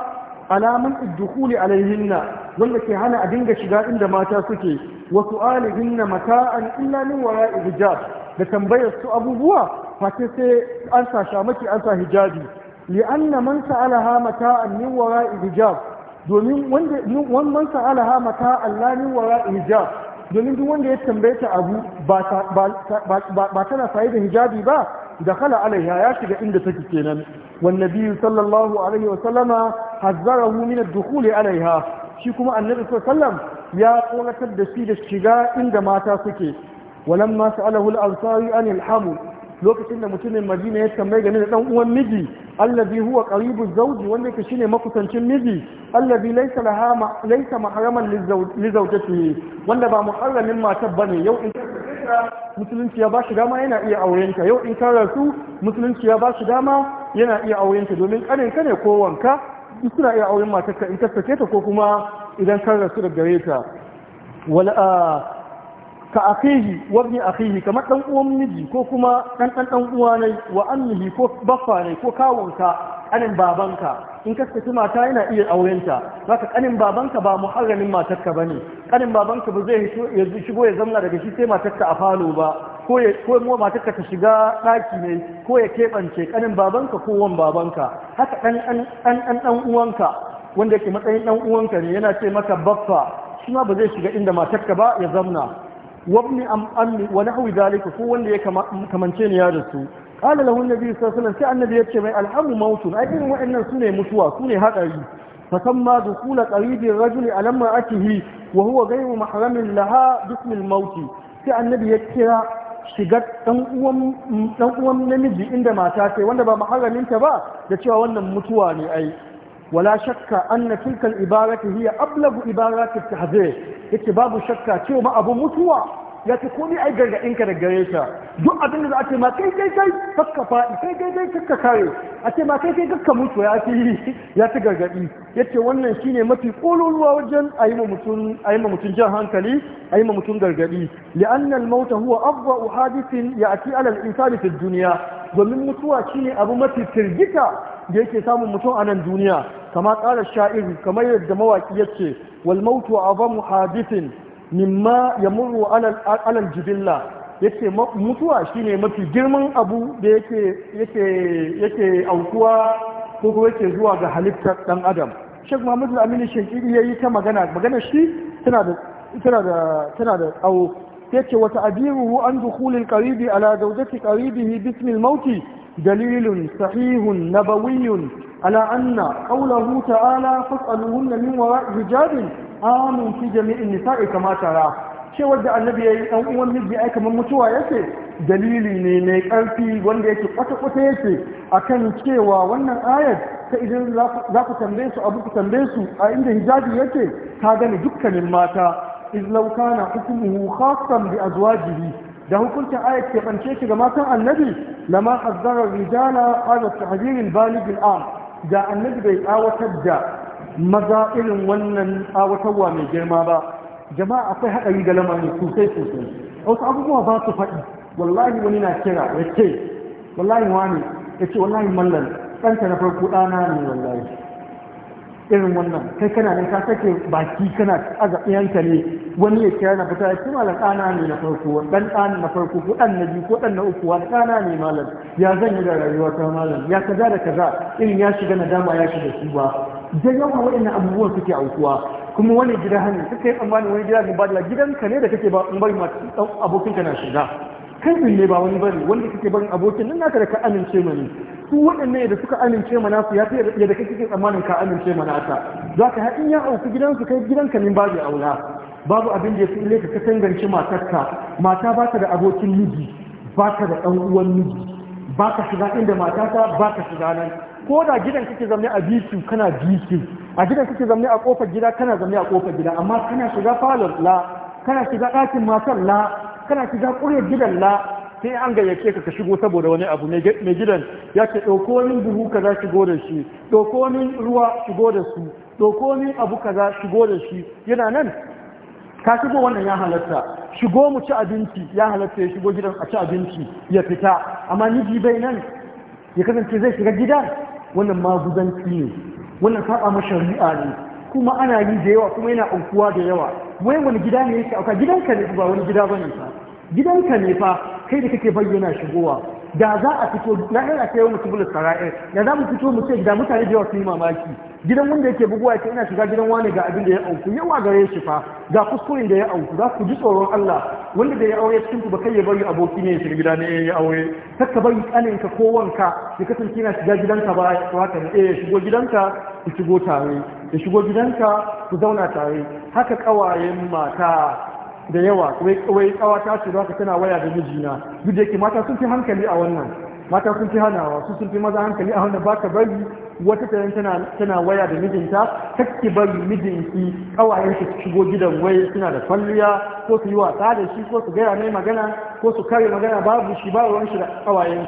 alaman ad-dukhuli alaihinna wanda ke hana a dinga shiga inda mata suke wa su'alihinna mata'an illa min wara'i hijab da tambayar su abubuwa fa sai an sa shamaki an sa hijabi li'anna man sa'alaha mata'an min wara'i hijab domin wanda man sa'alaha mata'an la min wara'i hijab domin duk wanda ya tambaye ta abu ba tana saye da hijabi ba da kala alaiha ya shiga inda take kenan wannabi sallallahu alaihi wa sallama hazzarahu min ad-dukhul alaiha shi kuma annabi sallallahu ya tsoratar da shi da shiga inda mata suke walamma sa'alahu al-ansari an al lokacin da mutumin madina ya tambaye game da dan uwan miji allazi huwa qaribu zawji wanda yake shine makusancin miji allazi laysa laha laysa mahraman li wanda ba muharramin matar bane yau in musulunci ya bashi dama yana iya aurenta yau in ka su musulunci ya bashi dama yana iya aurenta domin kanin ka ne ko wanka suna iya auren matarka in ka sake ta ko kuma idan ka su da gare ta wala ah, ka akhihi wa ibn akhihi kamar dan uwan miji ko kuma dan dan dan uwa ne wa annahi ko baffa ne ko kawunka anin babanka in ka saki mata yana iya aurenta zaka kanin babanka ba muharramin matarka bane kanin babanka ba zai shigo ya zamna daga shi sai matarka a falo ba ko ya ko matarka ta shiga ɗaki ne ko ya keɓance kanin babanka ko wan babanka haka dan ɗan uwanka wanda yake matsayin ɗan uwanka ne yana ce maka baffa shi ma ba zai shiga inda matarka ba ya zamna wabni am'alli wa ko wanda ya kamance ni ya da su qala lahu annabi sallallahu alaihi sai annabi ya ce mai alhamu mautun ai irin wa'annan sune mutuwa sune hadari fasamma dukula alamar rajuli alamma atihi wa huwa ghayru mahramin laha bismil mauti sai annabi ya kira shigar ɗan uwan namiji inda mata ce wanda ba maharaminta ba da cewa wannan mutuwa ne ai ولا شك أن تلك الإبارة هي أبلغ إبارات التحذير اتباب شك تيو ما أبو متوى ya ce ko ni ai gargaɗin ka da gare duk abin da za a ce ma kai kai kai kakka faɗi kai kai kai kakka kare a ce ma kai kai kakka mutu ya fi ya fi gargaɗi ya ce wannan shine mafi ƙololuwa wajen a yi ma mutum jan hankali a yi ma mutum gargaɗi li'annal mauta huwa Abba, uhadisin ya ati alal insani duniya domin mutuwa shine abu mafi firgita da yake samun mutum a nan duniya kama ƙara sha'iri kamar yadda mawaƙi yake wal mautu azamu hadithin mimma muru alal jibilla yace mutuwa shine mafi girman abu da yake aukuwa ko kuma yake zuwa ga halittar ɗan adam shek Muhammad amini amin ya yayi ta magana magana shi tana da tana ya tana da tsawo yace wa karibi an dukhulil karibi ala zawjati karibi bismil mauti دليل صحيح نبوي على أن قوله تعالى فاسألوهن من وراء حجاب عام في جميع النساء كما ترى cewar da annabi ya yi ɗan uwan miji ya kamar mutuwa yake dalili ne mai ƙarfi wanda yake kwata-kwata A kan cewa wannan ayar ta idan za ku tambaye su abu ku tambaye su a inda hijabi yake ta gani dukkanin mata izlaukana hukumuhu khasan zuwa azwajihi da hukuncin ayat ke bance shi ga matan annabi lama azzara rijala ala tahdirin baligil am da annabi bai tsawatar da maza irin wannan tsawatarwa mai girma ba jama'a akwai haɗari ga lamari sosai sosai wasu abubuwa ba su faɗi wallahi wani na kira ya ce wallahi wani ya ce wallahi mallan ɗanka na farko ɗana ne wallahi irin wannan kai kana ne ka sake baki kana aza yanka ne wani ya kira na fita ya malam ɗana ne na farko dan ɗana na farko ko ɗan na biyu ko ɗan na uku wani ɗana ne malam ya zan yi da rayuwa ta malam ya kaza da kaza irin ya shiga nadama ya shiga su ba da yawa waɗannan abubuwan suke aukuwa kuma wani gida hannu suka yi tsammanin wani gida ne da gidanka ne da kake ba in bari abokinka na shiga kai ne ba wani bane wanda kake barin abokin nan naka da ka amince mani su waɗannan da suka amince mana su ya fi yadda kake kike tsammanin ka amince mana ta za ka haɗin ya auku gidansu kai gidanka min babu aula babu abin da ya fi ile ka tangance matarka mata ba ta da abokin miji ba ta da ɗan uwan miji ba ka shiga inda matata ba ka shiga nan ko da gidan kake zamne a bisu kana bisu a gidan kake zamne a kofar gida kana zamne a kofar gida amma kana shiga falon la kana shiga ɗakin matar la kana shiga ƙuryar gidan la sai an gayyace ka ka shigo saboda wani abu mai gidan ya ce ɗauko wani buhu kaza shigo da shi ɗauko wani ruwa shigo da su ɗauko wani abu kaza shigo da shi yana nan ka shigo wannan ya halatta shigo mu ci abinci ya halatta ya shigo gidan a ci abinci ya fita amma niji bai nan ya kasance zai shiga gidan wannan ma guzanci ne wannan saba ma shari'a ne kuma ana yi da yawa kuma yana aukuwa da yawa wai wani gida ne yake auka gidanka ne ba wani gida bane fa gidanka ne fa kai da kake bayyana shigowa da za a fito na ina sai yau mutum sara'ir da za mu fito mu ce da mutane da yawa sun yi mamaki gidan wanda yake buguwa ya yana ina shiga gidan wani ga abin da ya auku yawa gare shi fa ga kuskuren da ya auku za ku ji tsoron Allah wanda da ya aure cikin ku ba kai ya bari aboki ne ya shiga gida ne ya aure kaka bari kaninka ko wanka ya kasance yana shiga gidanka ba haka ne eh shigo gidanka ku shigo tare ya shigo gidanka ku zauna tare haka kawayen mata da yawa wai kawata ce ba ka tana waya da mijina duk da yake mata sun fi hankali a wannan mata sun fi hanawa su sun fi maza hankali a wannan baka bari wata tayin tana waya da mijinta kake bari mijinki kawayen su shigo gidan wai suna da kwalliya ko su yi wasa da shi ko su gaya mai magana ko su kare magana babu shi ba ruwan shi da kawayen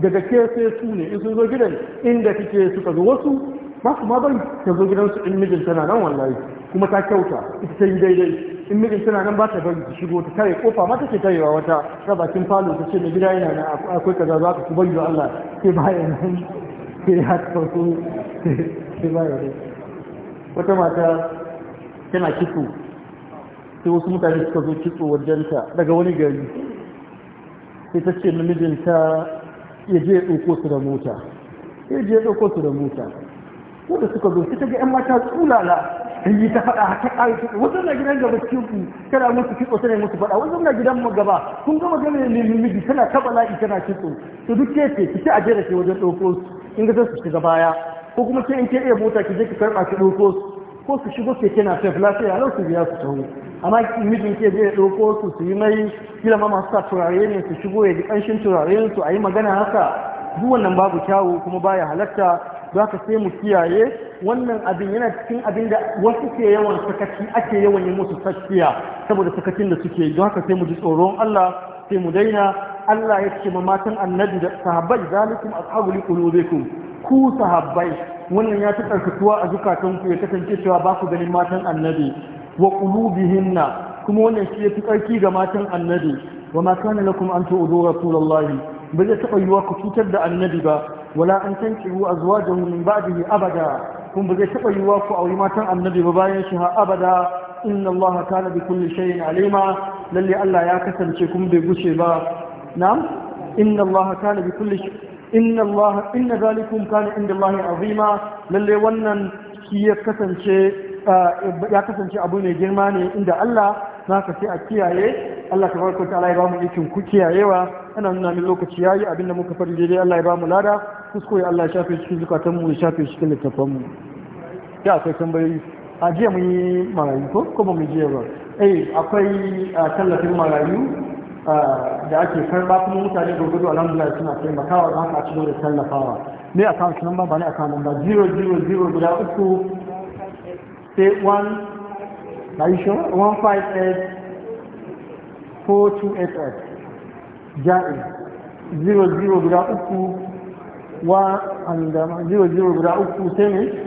daga ke sai su ne in sun zo gidan inda kike suka zo wasu ba su ma bari ta zo gidansu in mijin na nan wallahi kuma ta kyauta ita ta yi daidai in mijin tana nan ba ta bari ta shigo ta tare kofa ma take tarewa wata ta bakin falo ta ce da gida yana nan akwai kaza za ka bari da Allah sai baya nan sai ya farko sai baya nan wata mata tana kitso sai wasu mutane suka zo kitso wajenta daga wani gari sai ta ce mijinta ya je ya ɗauko su da mota ya je ya ɗauko su da mota ko da suka zo sai ta ga 'yan mata tsulala in yi ta faɗa ta ƙari su wasu na gidan gaba cikin ku kada musu kitso tana musu faɗa wasu na gidan mu gaba kun gama gane ne miji tana ta bala'i tana cikin, to duk ke ce ki ci a jera ke wajen ɗauko su in ga su shiga baya ko kuma ce in ke iya mota ki je ki karɓa ki ɗauko su ko su shigo ke kina fef lafiya lau su biya su taho amma mijin ke zai ɗauko su su yi mai kila ma masu sa turare ne su shigo ya ji ƙanshin turaren su a yi magana haka duk wannan babu kyawu kuma baya halatta za ka sai mu kiyaye wannan abin yana cikin abin da wasu ke yawan sakaci ake yawan yi musu sakciya saboda sakacin da suke don haka sai mu ji tsoron Allah sai mu daina Allah ya ce ma matan annabi da sahabbai zalikum ashabu liqulubikum ku sahabbai wannan ya fi tsarkatuwa a ku ya kasance cewa ba ku ganin matan annabi wa qulubihinna kuma wannan shi ya fi tsarki ga matan annabi wa ma kana lakum an tu'udu rasulullahi ba zai taɓa yiwuwa ku cutar da annabi ba wala an tankihu azwajahu min ba'dihi abada kun ba zai taɓa yiwuwa ku auri matan annabi ba bayan shi har abada inna Allah kana bi kulli shay'in alima lalle Allah ya kasance kuma bai guce ba na'am inna Allah kana bi kulli inna Allah inna zalikum kana inda Allah azima lalle wannan shi ya kasance ya kasance abu mai girma ne inda Allah za ka sai a kiyaye Allah ta tabaraka ta'ala ya ba mu ikin ku kiyayewa ana nuna min lokaci yayi abinda muka faɗi daidai Allah ya ba mu lada kuskure Allah ya shafe cikin zukatan mu ya shafe cikin littafan mu gaskiya akwai tambayoyi a jiya mun yi marayu ko ko mun mu jiya ba eh akwai ah, tallafin marayu ah, da ake karba kuma mutane gurgudu alhamdulillah suna taimakawa don haka a cikin da tallafawa ne account number ba ne account zero 000 guda uku sai one na yi shi eight 4288 ja'i 00 guda uku wa 00 guda uku sai ne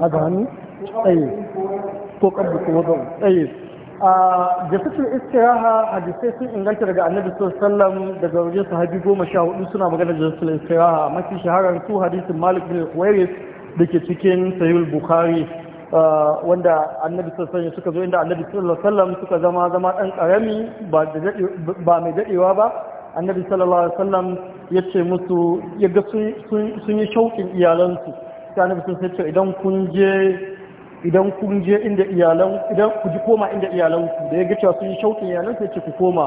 haka hannu tsaye ko kabbu ko wadon tsaye a jasatul istiraha hadisai sun inganta daga annabi sallallahu daga wajen sahabi goma sha hudu suna magana jasatul istiraha mafi shaharar su hadisin malik bin wairis da ke cikin sayul bukhari wanda annabi sallallahu suka zo inda annabi sallallahu suka zama zama dan karami ba mai dadewa ba annabi sallallahu alaihi wasallam ya ce musu ya ga sun yi shaukin iyalansu sai annabi sun ce idan kun je idan kun je inda iyalan idan ku ji koma inda iyalanku da ya ga cewa sun yi shauƙin iyalan sai ce ku koma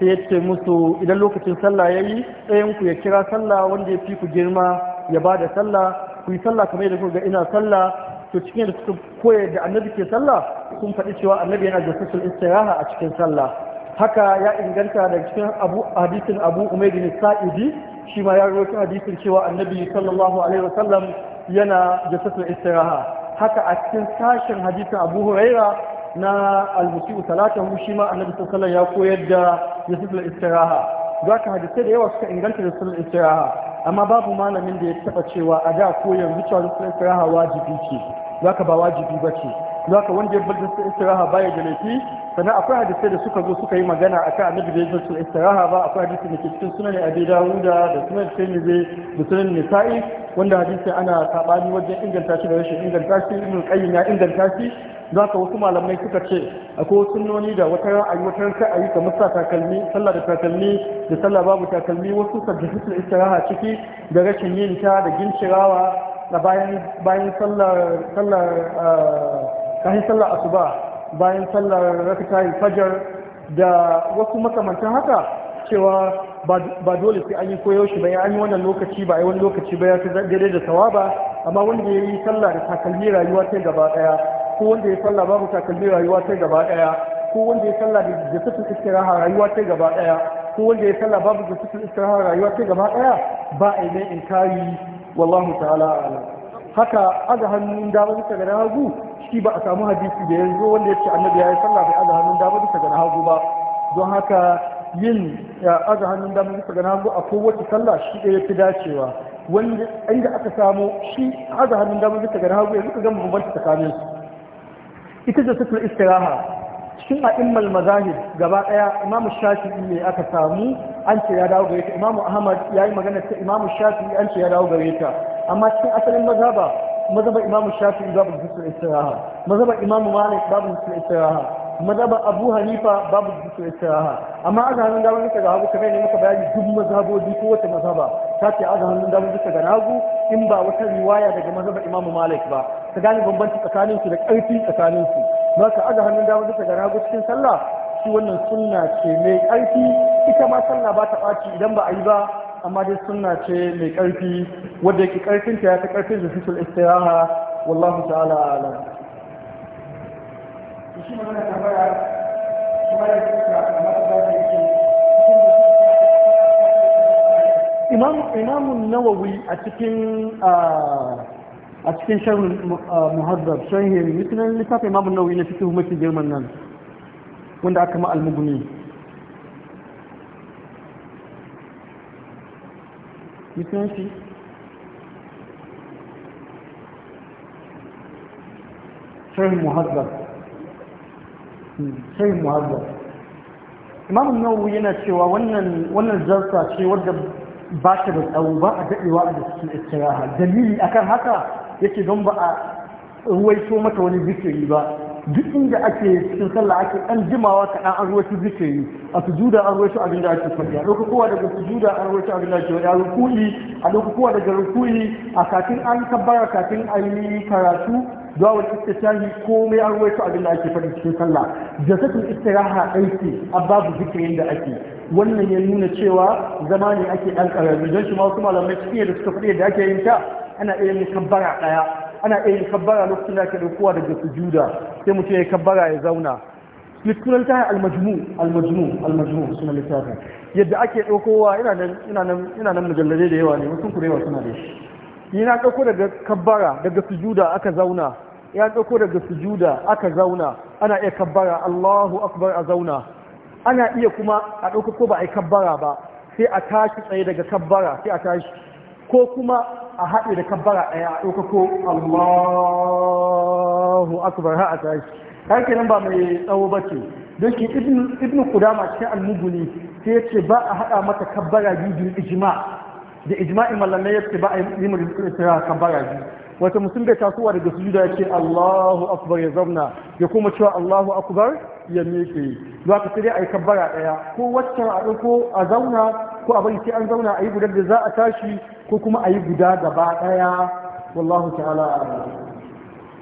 sai ya ce musu idan lokacin sallah yayi ɗayan ku ya kira sallah wanda ya fi ku girma ya ba da sallah ku yi sallah kamar yadda kuka ga ina sallah to cikin da suka koya da annabi ke sallah sun faɗi cewa annabi yana da sassan istiraha a cikin sallah haka ya inganta da cikin abu hadisin abu umaydin sa'idi shi ma ya rawaito hadisin cewa annabi sallallahu alaihi wasallam yana jasatul istiraha haka a cikin sashen hadisin abu huraira na almusi'u talatan shi ma annabi sallallahu ya koyar da jasatul istiraha zaka hadisai da yawa suka inganta jasatul istiraha amma babu malamin da ya taba cewa a da ko yanzu cewa istiraha wajibi ce zaka ba wajibi ba ce zaka wanda ya bada su istiraha baya da laifi sannan akwai hadisai da suka zo suka yi magana a kan annabi da ya su istiraha ba akwai hadisi da ke cikin sunan abi dawuda da sunan tirmidhi da sunan nisa'i wanda hadisi ana sabani wajen inganta shi da rashin inganta shi ibn qayyim ya inganta shi zaka wasu malamai suka ce akwai sunnoni da wata ra'ayi wata ra'ayi kamar sa takalmi sallah da takalmi da sallah babu takalmi wasu sabbin su istiraha ciki da rashin yin ta da gincirawa na bayan bayan sallar sallar ah, kashi sallar asuba bayan sallar rakatayin fajar da wasu makamantan haka cewa ba dole sai an yi koyo shi bayan an yi wannan lokaci ba a yi wani lokaci ba ya fi daidai da sawaba amma wanda ya yi sallah da takalmi rayuwa ta gaba daya ko wanda ya sallah babu takalmi rayuwa ta gaba daya ko wanda ya sallah da jisufin istiraha rayuwa ta gaba daya ko wanda ya sallah babu jisufin istiraha rayuwa ta gaba daya ba a yi mai inkari wallahu ta'ala a'lam haka aga hannun dama bisa ga hagu shi ba a samu hadisi da yanzu wanda ya ce annabi ya yi sallah bai aga hannun dama bisa ga hagu ba don haka yin aga hannun dama bisa ga hagu a kowace sallah shi ɗaya fi dacewa wanda inda aka samu shi aga hannun dama bisa ga hagu yanzu ka gama bambanta tsakanin su ita da sufil istiraha cikin a'immal mazahib gaba daya imamu shafi'i ne aka samu an ce ya dawo gare ta imamu ahmad ya yi magana ta imamu shafi'i an ce ya dawo gare ta amma cikin asalin mazhaba mazhabar imamu shafi'i babu husul istiraha mazhabar imamu malik babu husul istiraha mazhaba abu hanifa babu zikir istiraha amma aza hannun damar bisa ga hagu kamar ne maka bayani duk mazhabobi ko wata mazhaba ta ce aza hannun damar bisa ga hagu in ba wata riwaya daga mazhabar Imam malik ba ka gane bambanci tsakanin su da karfi tsakanin su maka hannun damar bisa ga hagu cikin sallah shi wannan sunna ce mai karfi ita ma sallah ba ta ɓaci idan ba a yi ba amma dai sunna ce mai karfi wadda yake ta ya ta ƙarfin zufisul istiraha wallahu ta'ala alam shi ne mana imam nawawi a cikin a cikin sharhul uh, muhaddab sharhin mutunan littafi imam nawawi na fiqh mafi girman nan wanda aka ma almuguni mutunan shi shan muhaddab sai muhazzab imam nawawi yana cewa wannan wannan zarsa ce wadda ba ta da tsawo ba a daɗewa a cikin istiraha dalili akan haka yake don ba a ruwaito mata wani zikiri ba duk inda ake cikin sallah ake ɗan jimawa kaɗan an arwaci zikiri a sujuda an ruwaito abin da ake faɗi a lokacin kowa daga sujuda an ruwaito abin da ake faɗi a rukuni a lokacin kowa daga rukuni a kafin an kabbara kafin an yi karatu duwawul istitahi komai an ruwaito abin da ake faɗi cikin sallah jazatul istiraha aiki ababu zikirin da ake wannan ya nuna cewa zama ne ake ɗan ƙarami don shi ma wasu malamai cikin da suka faɗi da ake yin ta ana iya yin kabbara ɗaya ana iya yin kabbara lokacin da ake ɗaukowa daga sujuda sai mutum ya yi kabbara ya zauna littunan ta almajmu almajmu almajmu suna littafin yadda ake ɗaukowa ina nan mujalladai da yawa ne mutum kurewa suna da shi ni na ɗauko daga kabbara daga sujuda aka zauna ya ɗauko daga sujuda aka zauna ana iya kabbara Allahu akbar a zauna ana iya kuma a ɗauko ko ba a yi kabbara ba sai a tashi tsaye daga kabbara sai a tashi ko kuma a haɗe da kabbara ɗaya a ɗauka ko Allahu akbar ha a tashi har nan ba mai tsawo ba ce don ki ibnu kudama cikin almuguni sai ya ce ba a haɗa maka kabbara biyu ijma da ijma'in malamai ya ce ba a yi mu da kan bara biyu wata mutum bai tasowa daga sujuda ya ce Allahu akbar ya zauna ya kuma cewa Allahu akbar ya miƙe za ka sai dai a yi kabbara ɗaya ko wacce a ɗauko a zauna ko a bari sai an zauna a yi guda da za a tashi ko kuma a yi guda gaba ɗaya wallahu ta'ala a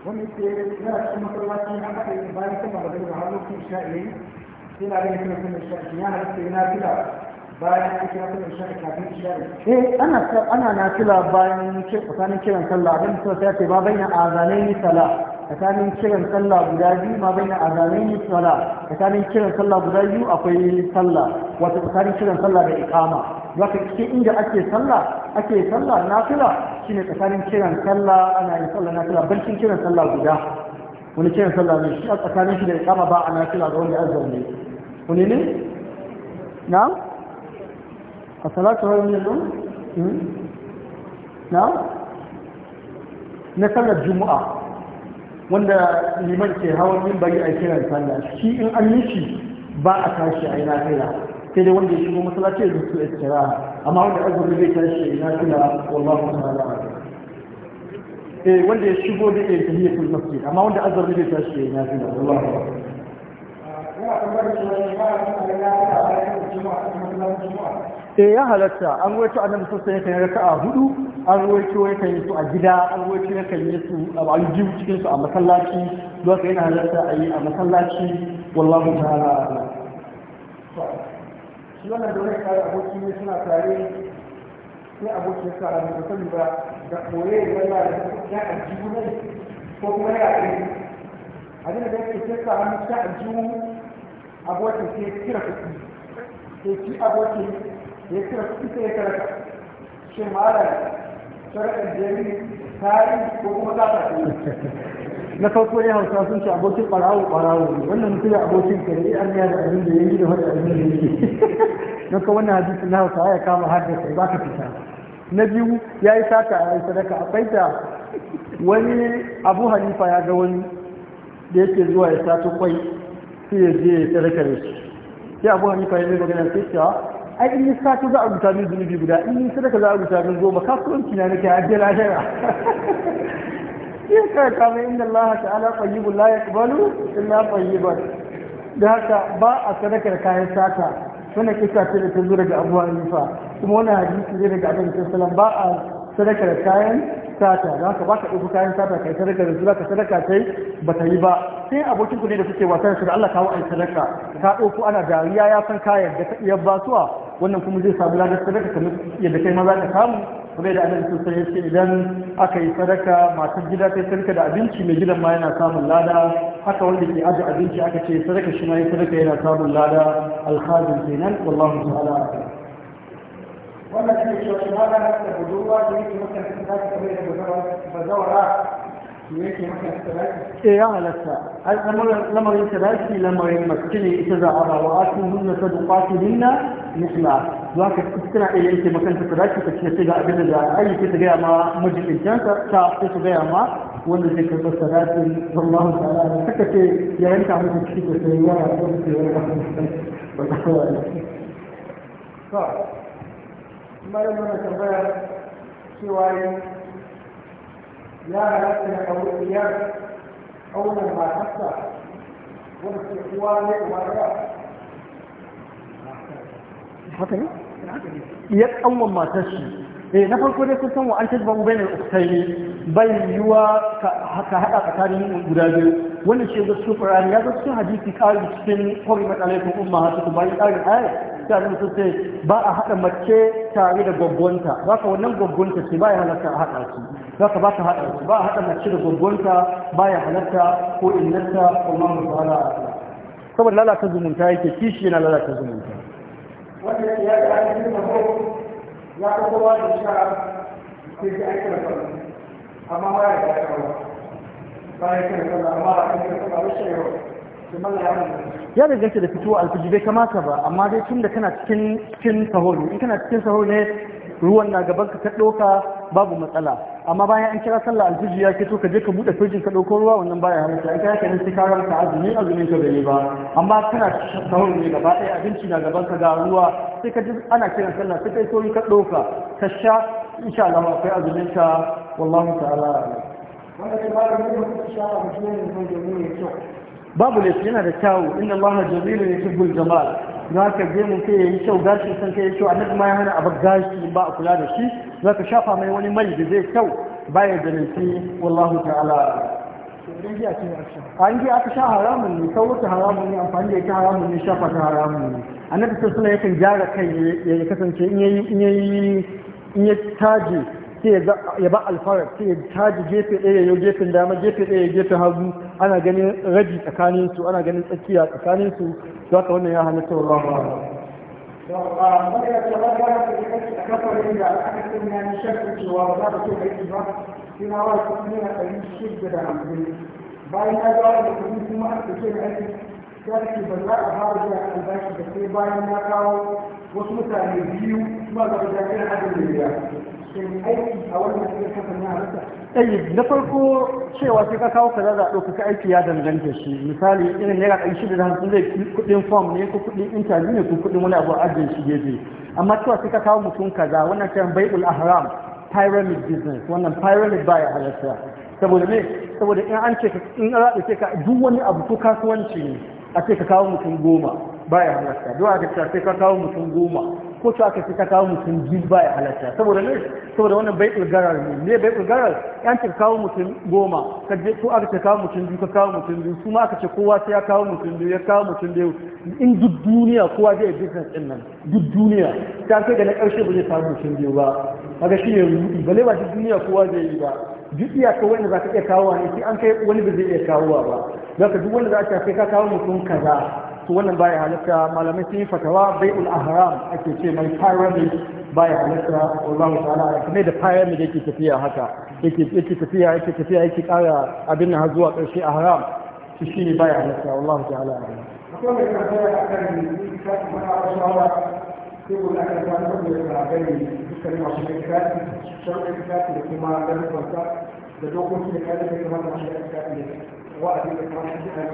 wani ke yana cikin masallaci na aka yi bayan sama da gani a hannun sha'i yana ganin kuma sha'i yana da yana fila bayan ita kuma shi kafin shi eh ana ana nafila bayan ce tsakanin kiran sallah abin so sai ce ma bayna ni sala tsakanin kiran sallah guda biyu ma bayna ni sala tsakanin kiran sallah guda biyu akwai sallah wato tsakanin kiran sallah da iqama wato cikin inda ake sallah ake sallah nafila shine tsakanin kiran sallah ana yin sallah nafila bankin kiran sallah guda wani kiran sallah ne shi a tsakanin shi da iqama ba a nafila ga wanda azumi wani ne na'am الصلاة هو يوم نعم na sallar juma'a wanda liman ke hawan bari a kiran sallah shi in an yi shi ba a tashi a ina kaira sai dai wanda ya shigo masallaci ya zuci istira amma wanda azumi zai tashi a ina kaira wallahu ta'ala eh wanda ya shigo da ya tafi ya kullu masjid amma wanda azumi zai tashi a ina kaira wallahu ta'ala ina tambayar shi ne ba a cikin juma'a kuma juma'a eh ya halatta an wato annabi sosai ya yi raka'a hudu an wato ya yi su a gida an wato ya yi su a aljihu cikin su a masallaci don yana halatta a yi a masallaci wallahu ta'ala shi wannan da wani kare aboki ne suna tare sai aboki ya kara da sani ba da koye ya yana da ya aljihu ne ko kuma ya kai abin da yake sai ka hannu ta aljihu aboki sai kira kuɗi sai ki aboki ya ce ita ya karaka shi malam sarakar jari ta ko kuma ta ta na farko ya hausa sun ce abokin ɓarawo ɓarawo ne wannan mutum ya abokin ka da an da abin da ya yi da wani abin da ya yi don ka wannan hadisi na hausa ya kama haddasa ba ka fita na biyu ya yi sata a yi sadaka akwai da wani abu hanifa ya ga wani da yake zuwa ya sato kwai sai ya je ya sadaka da shi sai abu hanifa ya zai magana sai cewa ah, ai in nisa ta za a rubuta min zunubi guda in nisa da ka za a rubuta min goma kasuwanci na nake a jira jira ya ka kama inda Allah ala tayyibun la in illa tayyiban da haka ba a sadakar kayan sata suna kisa ce da ta zo daga Abu nufa kuma wani hadisi zai daga da salam ba a sadakar kayan sata da haka ba ka ɗauki kayan sata kai sadaka da zura ka sadaka sai ba ta yi ba sai abokin ku ne da kuke wasan su da Allah kawo ai sadaka ka ɗauko ana dariya ya san kayan da ta iya basuwa wannan kuma zai samu ladar sadaka kamar yadda kai ma za ka samu kuma da annabi sun sanya ce idan aka yi sadaka matar gida ta sadaka da abinci mai gidan ma yana samun lada haka wanda ke aje abinci aka ce sadaka shi ma yi sadaka yana samun lada alhazin kenan wallahu ta'ala wannan shi ne shi ma da da budurwa da yake maka da sadaka kamar da bazawara إيه على الساعة الأمر لما a cikin hunna إتزاع رواءاتهن dinna misla za ka tana iya yanke makanta ka dace ka ce sai ga abin da za a yi sai ta gaya ma majalisansa ta sai su gaya ma wanda zai karɓar sadakin wallahu ta'ala da suka ce ya yanka musu ciki ko sai ya rasu da ke wani kasan ba ta kawai da shi. to bayan mana tambayar cewa ya halatta na ƙaunar matarsa wanda ke uwa ne uwa ɗaya haka ne ya kanwan matar shi eh na farko dai sun san wa an tajba ubayna al-uktaini bai yiwa ka haɗa hada tsakanin guda biyu wannan shi ga su Qur'an ya ga su hadisi kari cikin qur'an alaikum ummahatukum bai kari ayat sai annabi sun ce ba a haɗa mace tare da gwaggwanta zaka wannan gwaggwanta ce ba ya halatta a hada su ka ba ka hada su ba a haɗa mace da gwaggwanta ba ya halatta ko innata Allahu ta'ala saboda lalata zumunta yake kishi yana lalata zumunta wanda ya ga ya ka kowa da a cikin da amma ba ya ga kawo ba ya da amma ba ya shi yau ya danganta da fitowa alfiji bai kamata ba amma dai tun da kana cikin cikin in kana cikin ne ruwan na gaban ka ka ɗauka babu matsala amma bayan an kira sallah alfiji ya fito ka je ka buɗe firjin ka ɗauko ruwa wannan baya halatta in ka haka nan sai ka ranka azumi azumin ka bai yi ba amma kana sahur ne gaba ɗaya abinci na gaban ka ga ruwa sai ka ji ana kiran sallah sai kai sauri ka ɗauka ka sha insha Allah akwai azumin ka wallahu ta'ala wanda ke ba da mutum insha Allah mutum ne mai kyau babu laifi yana da kyawu inna Allah jamilu yuhibbul jamal za ka je mun kai yayi kyau gashi san kai kyau annabi ma ya hana a gashi in ba a kula da shi za ka shafa mai wani mai da zai kyau baya da nufi wallahu ta'ala an ji aka sha haramun ne sauwata haramun ne amfani da ita haramun ne shafa ta haramun ne annabi sai suna yakan gyara kai ya kasance in ya taje sai ya ba alfarar sai ya taje gefe ɗaya ya gefen dama gefe ɗaya ya gefen hagu ana ganin rabi tsakanin su ana ganin tsakiya tsakanin su za ka wannan ya halatta Allah a'lam bayan ya zawo da kudi kuma aka ce da aiki ya ce ba za a fara biya albashi da sai bayan ya kawo wasu mutane biyu kuma ga wajen irin adadin da shin na farko cewa sai ka kawo kaza zaɓe kuka aiki ya danganta shi misali irin naira ɗari shida da hamsin zai kuɗin fom ne ko kuɗin intanet ne ko kuɗin wani abu ajin shi gefe amma cewa sai ka kawo mutum kaza wannan kiran bai'ul ahram pyramid business wannan pyramid baya halatta saboda me saboda in an ce in zaɓe sai ka duk wani abu ko kasuwanci ne a ce ka kawo mutum goma baya halatta duk aka ce sai ka kawo mutum goma ko to aka ta kawo mutum biyu ba ya halatta saboda ne saboda wannan bai garar ne ne bai garar yan ta kawo mutum goma ka je ko aka ta kawo mutum biyu ka kawo mutum biyu su ma aka ce kowa sai ya kawo mutum biyu ya kawo mutum biyu in duk duniya kowa zai business din nan duk duniya ta kai da na karshe ba zai kawo mutum biyu ba kaga shi ne rudi bale ba duk duniya kowa zai yi ba duk iyaka wanda za ka iya kawo ne sai an kai wani ba zai iya kawowa ba zaka duk wanda za a ce ka kawo mutum kaza to wannan baya halitta malamai sun yi fatawa bai'ul ahram ake ce mai pyramid baya halitta Allah ta'ala ya kamar da pyramid yake tafiya haka yake yake tafiya yake tafiya yake kara abin nan har zuwa karshe ahram shi shine baya halitta Allah ta'ala akwai mai tambaya akan kitabu na Rasulullah يقول لك أنا كنت بيعني بتكلم عشان الكتاب شرط الكتاب اللي كما قال لك ده دوكم في الكتاب اللي كمان عشان الكتاب اللي وقت اللي كمان عشان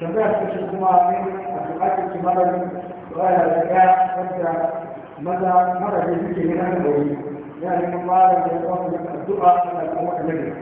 tambaya ta ce kuma ne a tsakakin kimanin raya da ɗaya wanda maza mara da suke ne nan da wuri ya neman da ya kawo da addu'a da kuma kalli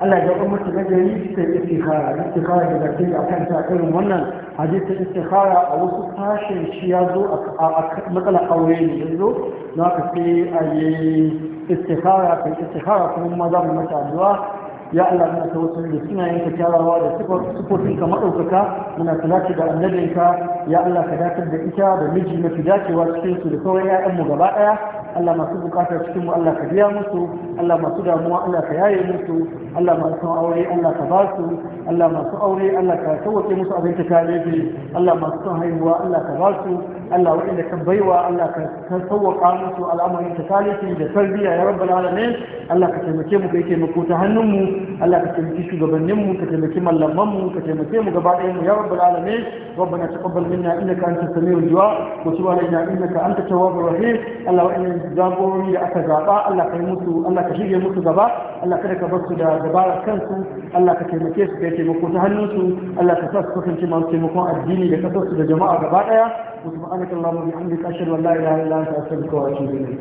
Allah ya kuma mutu nagari ta yi istikhara istikhara da zaki a kan ta irin wannan hadisi istikhara a wasu tashin shi ya zo a matsalar aure ne yanzu na ka sai a yi istikhara kai istikhara kuma maza mu mata addu'a ya Allah muna wasu da yanka kyawawa da ka maɗaukaka muna salati da annabinka ya Allah ka dakar da ita da miji mafi dacewa cikin su da kawai 'ya'yanmu gaba ɗaya Allah masu bukatar cikin mu Allah ka biya musu Allah masu damuwa Allah ka yaye musu Allah masu aure Allah ka ba su Allah masu aure Allah ka sauke musu abin ta kare Allah masu son haihuwa Allah ka ba su Allah wanda ka baiwa Allah ka sauka musu al'amarin ta kare da tarbiyya ya rabbal alamin Allah ka taimake mu kai taimako ta hannun mu Allah ka taimaki shugabannin mu ka taimaki mallaman mu ka taimake mu gaba ɗayan mu ya rabbal alamin ربنا تقبل منا انك انت السميع الدعاء وتب علينا انك انت التواب الرحيم الله وان jagorori da aka zaba Allah ka yi musu Allah ka shirye musu gaba Allah kada ka basu da dabara kansu Allah ka taimake su da taimako ta hannunsu Allah ka sa su kasance masu taimakon addini da kasarsu da jama'a gaba daya subhanakallahumma wa bihamdika ashhadu an la ilaha illa anta astaghfiruka wa atubu ilayk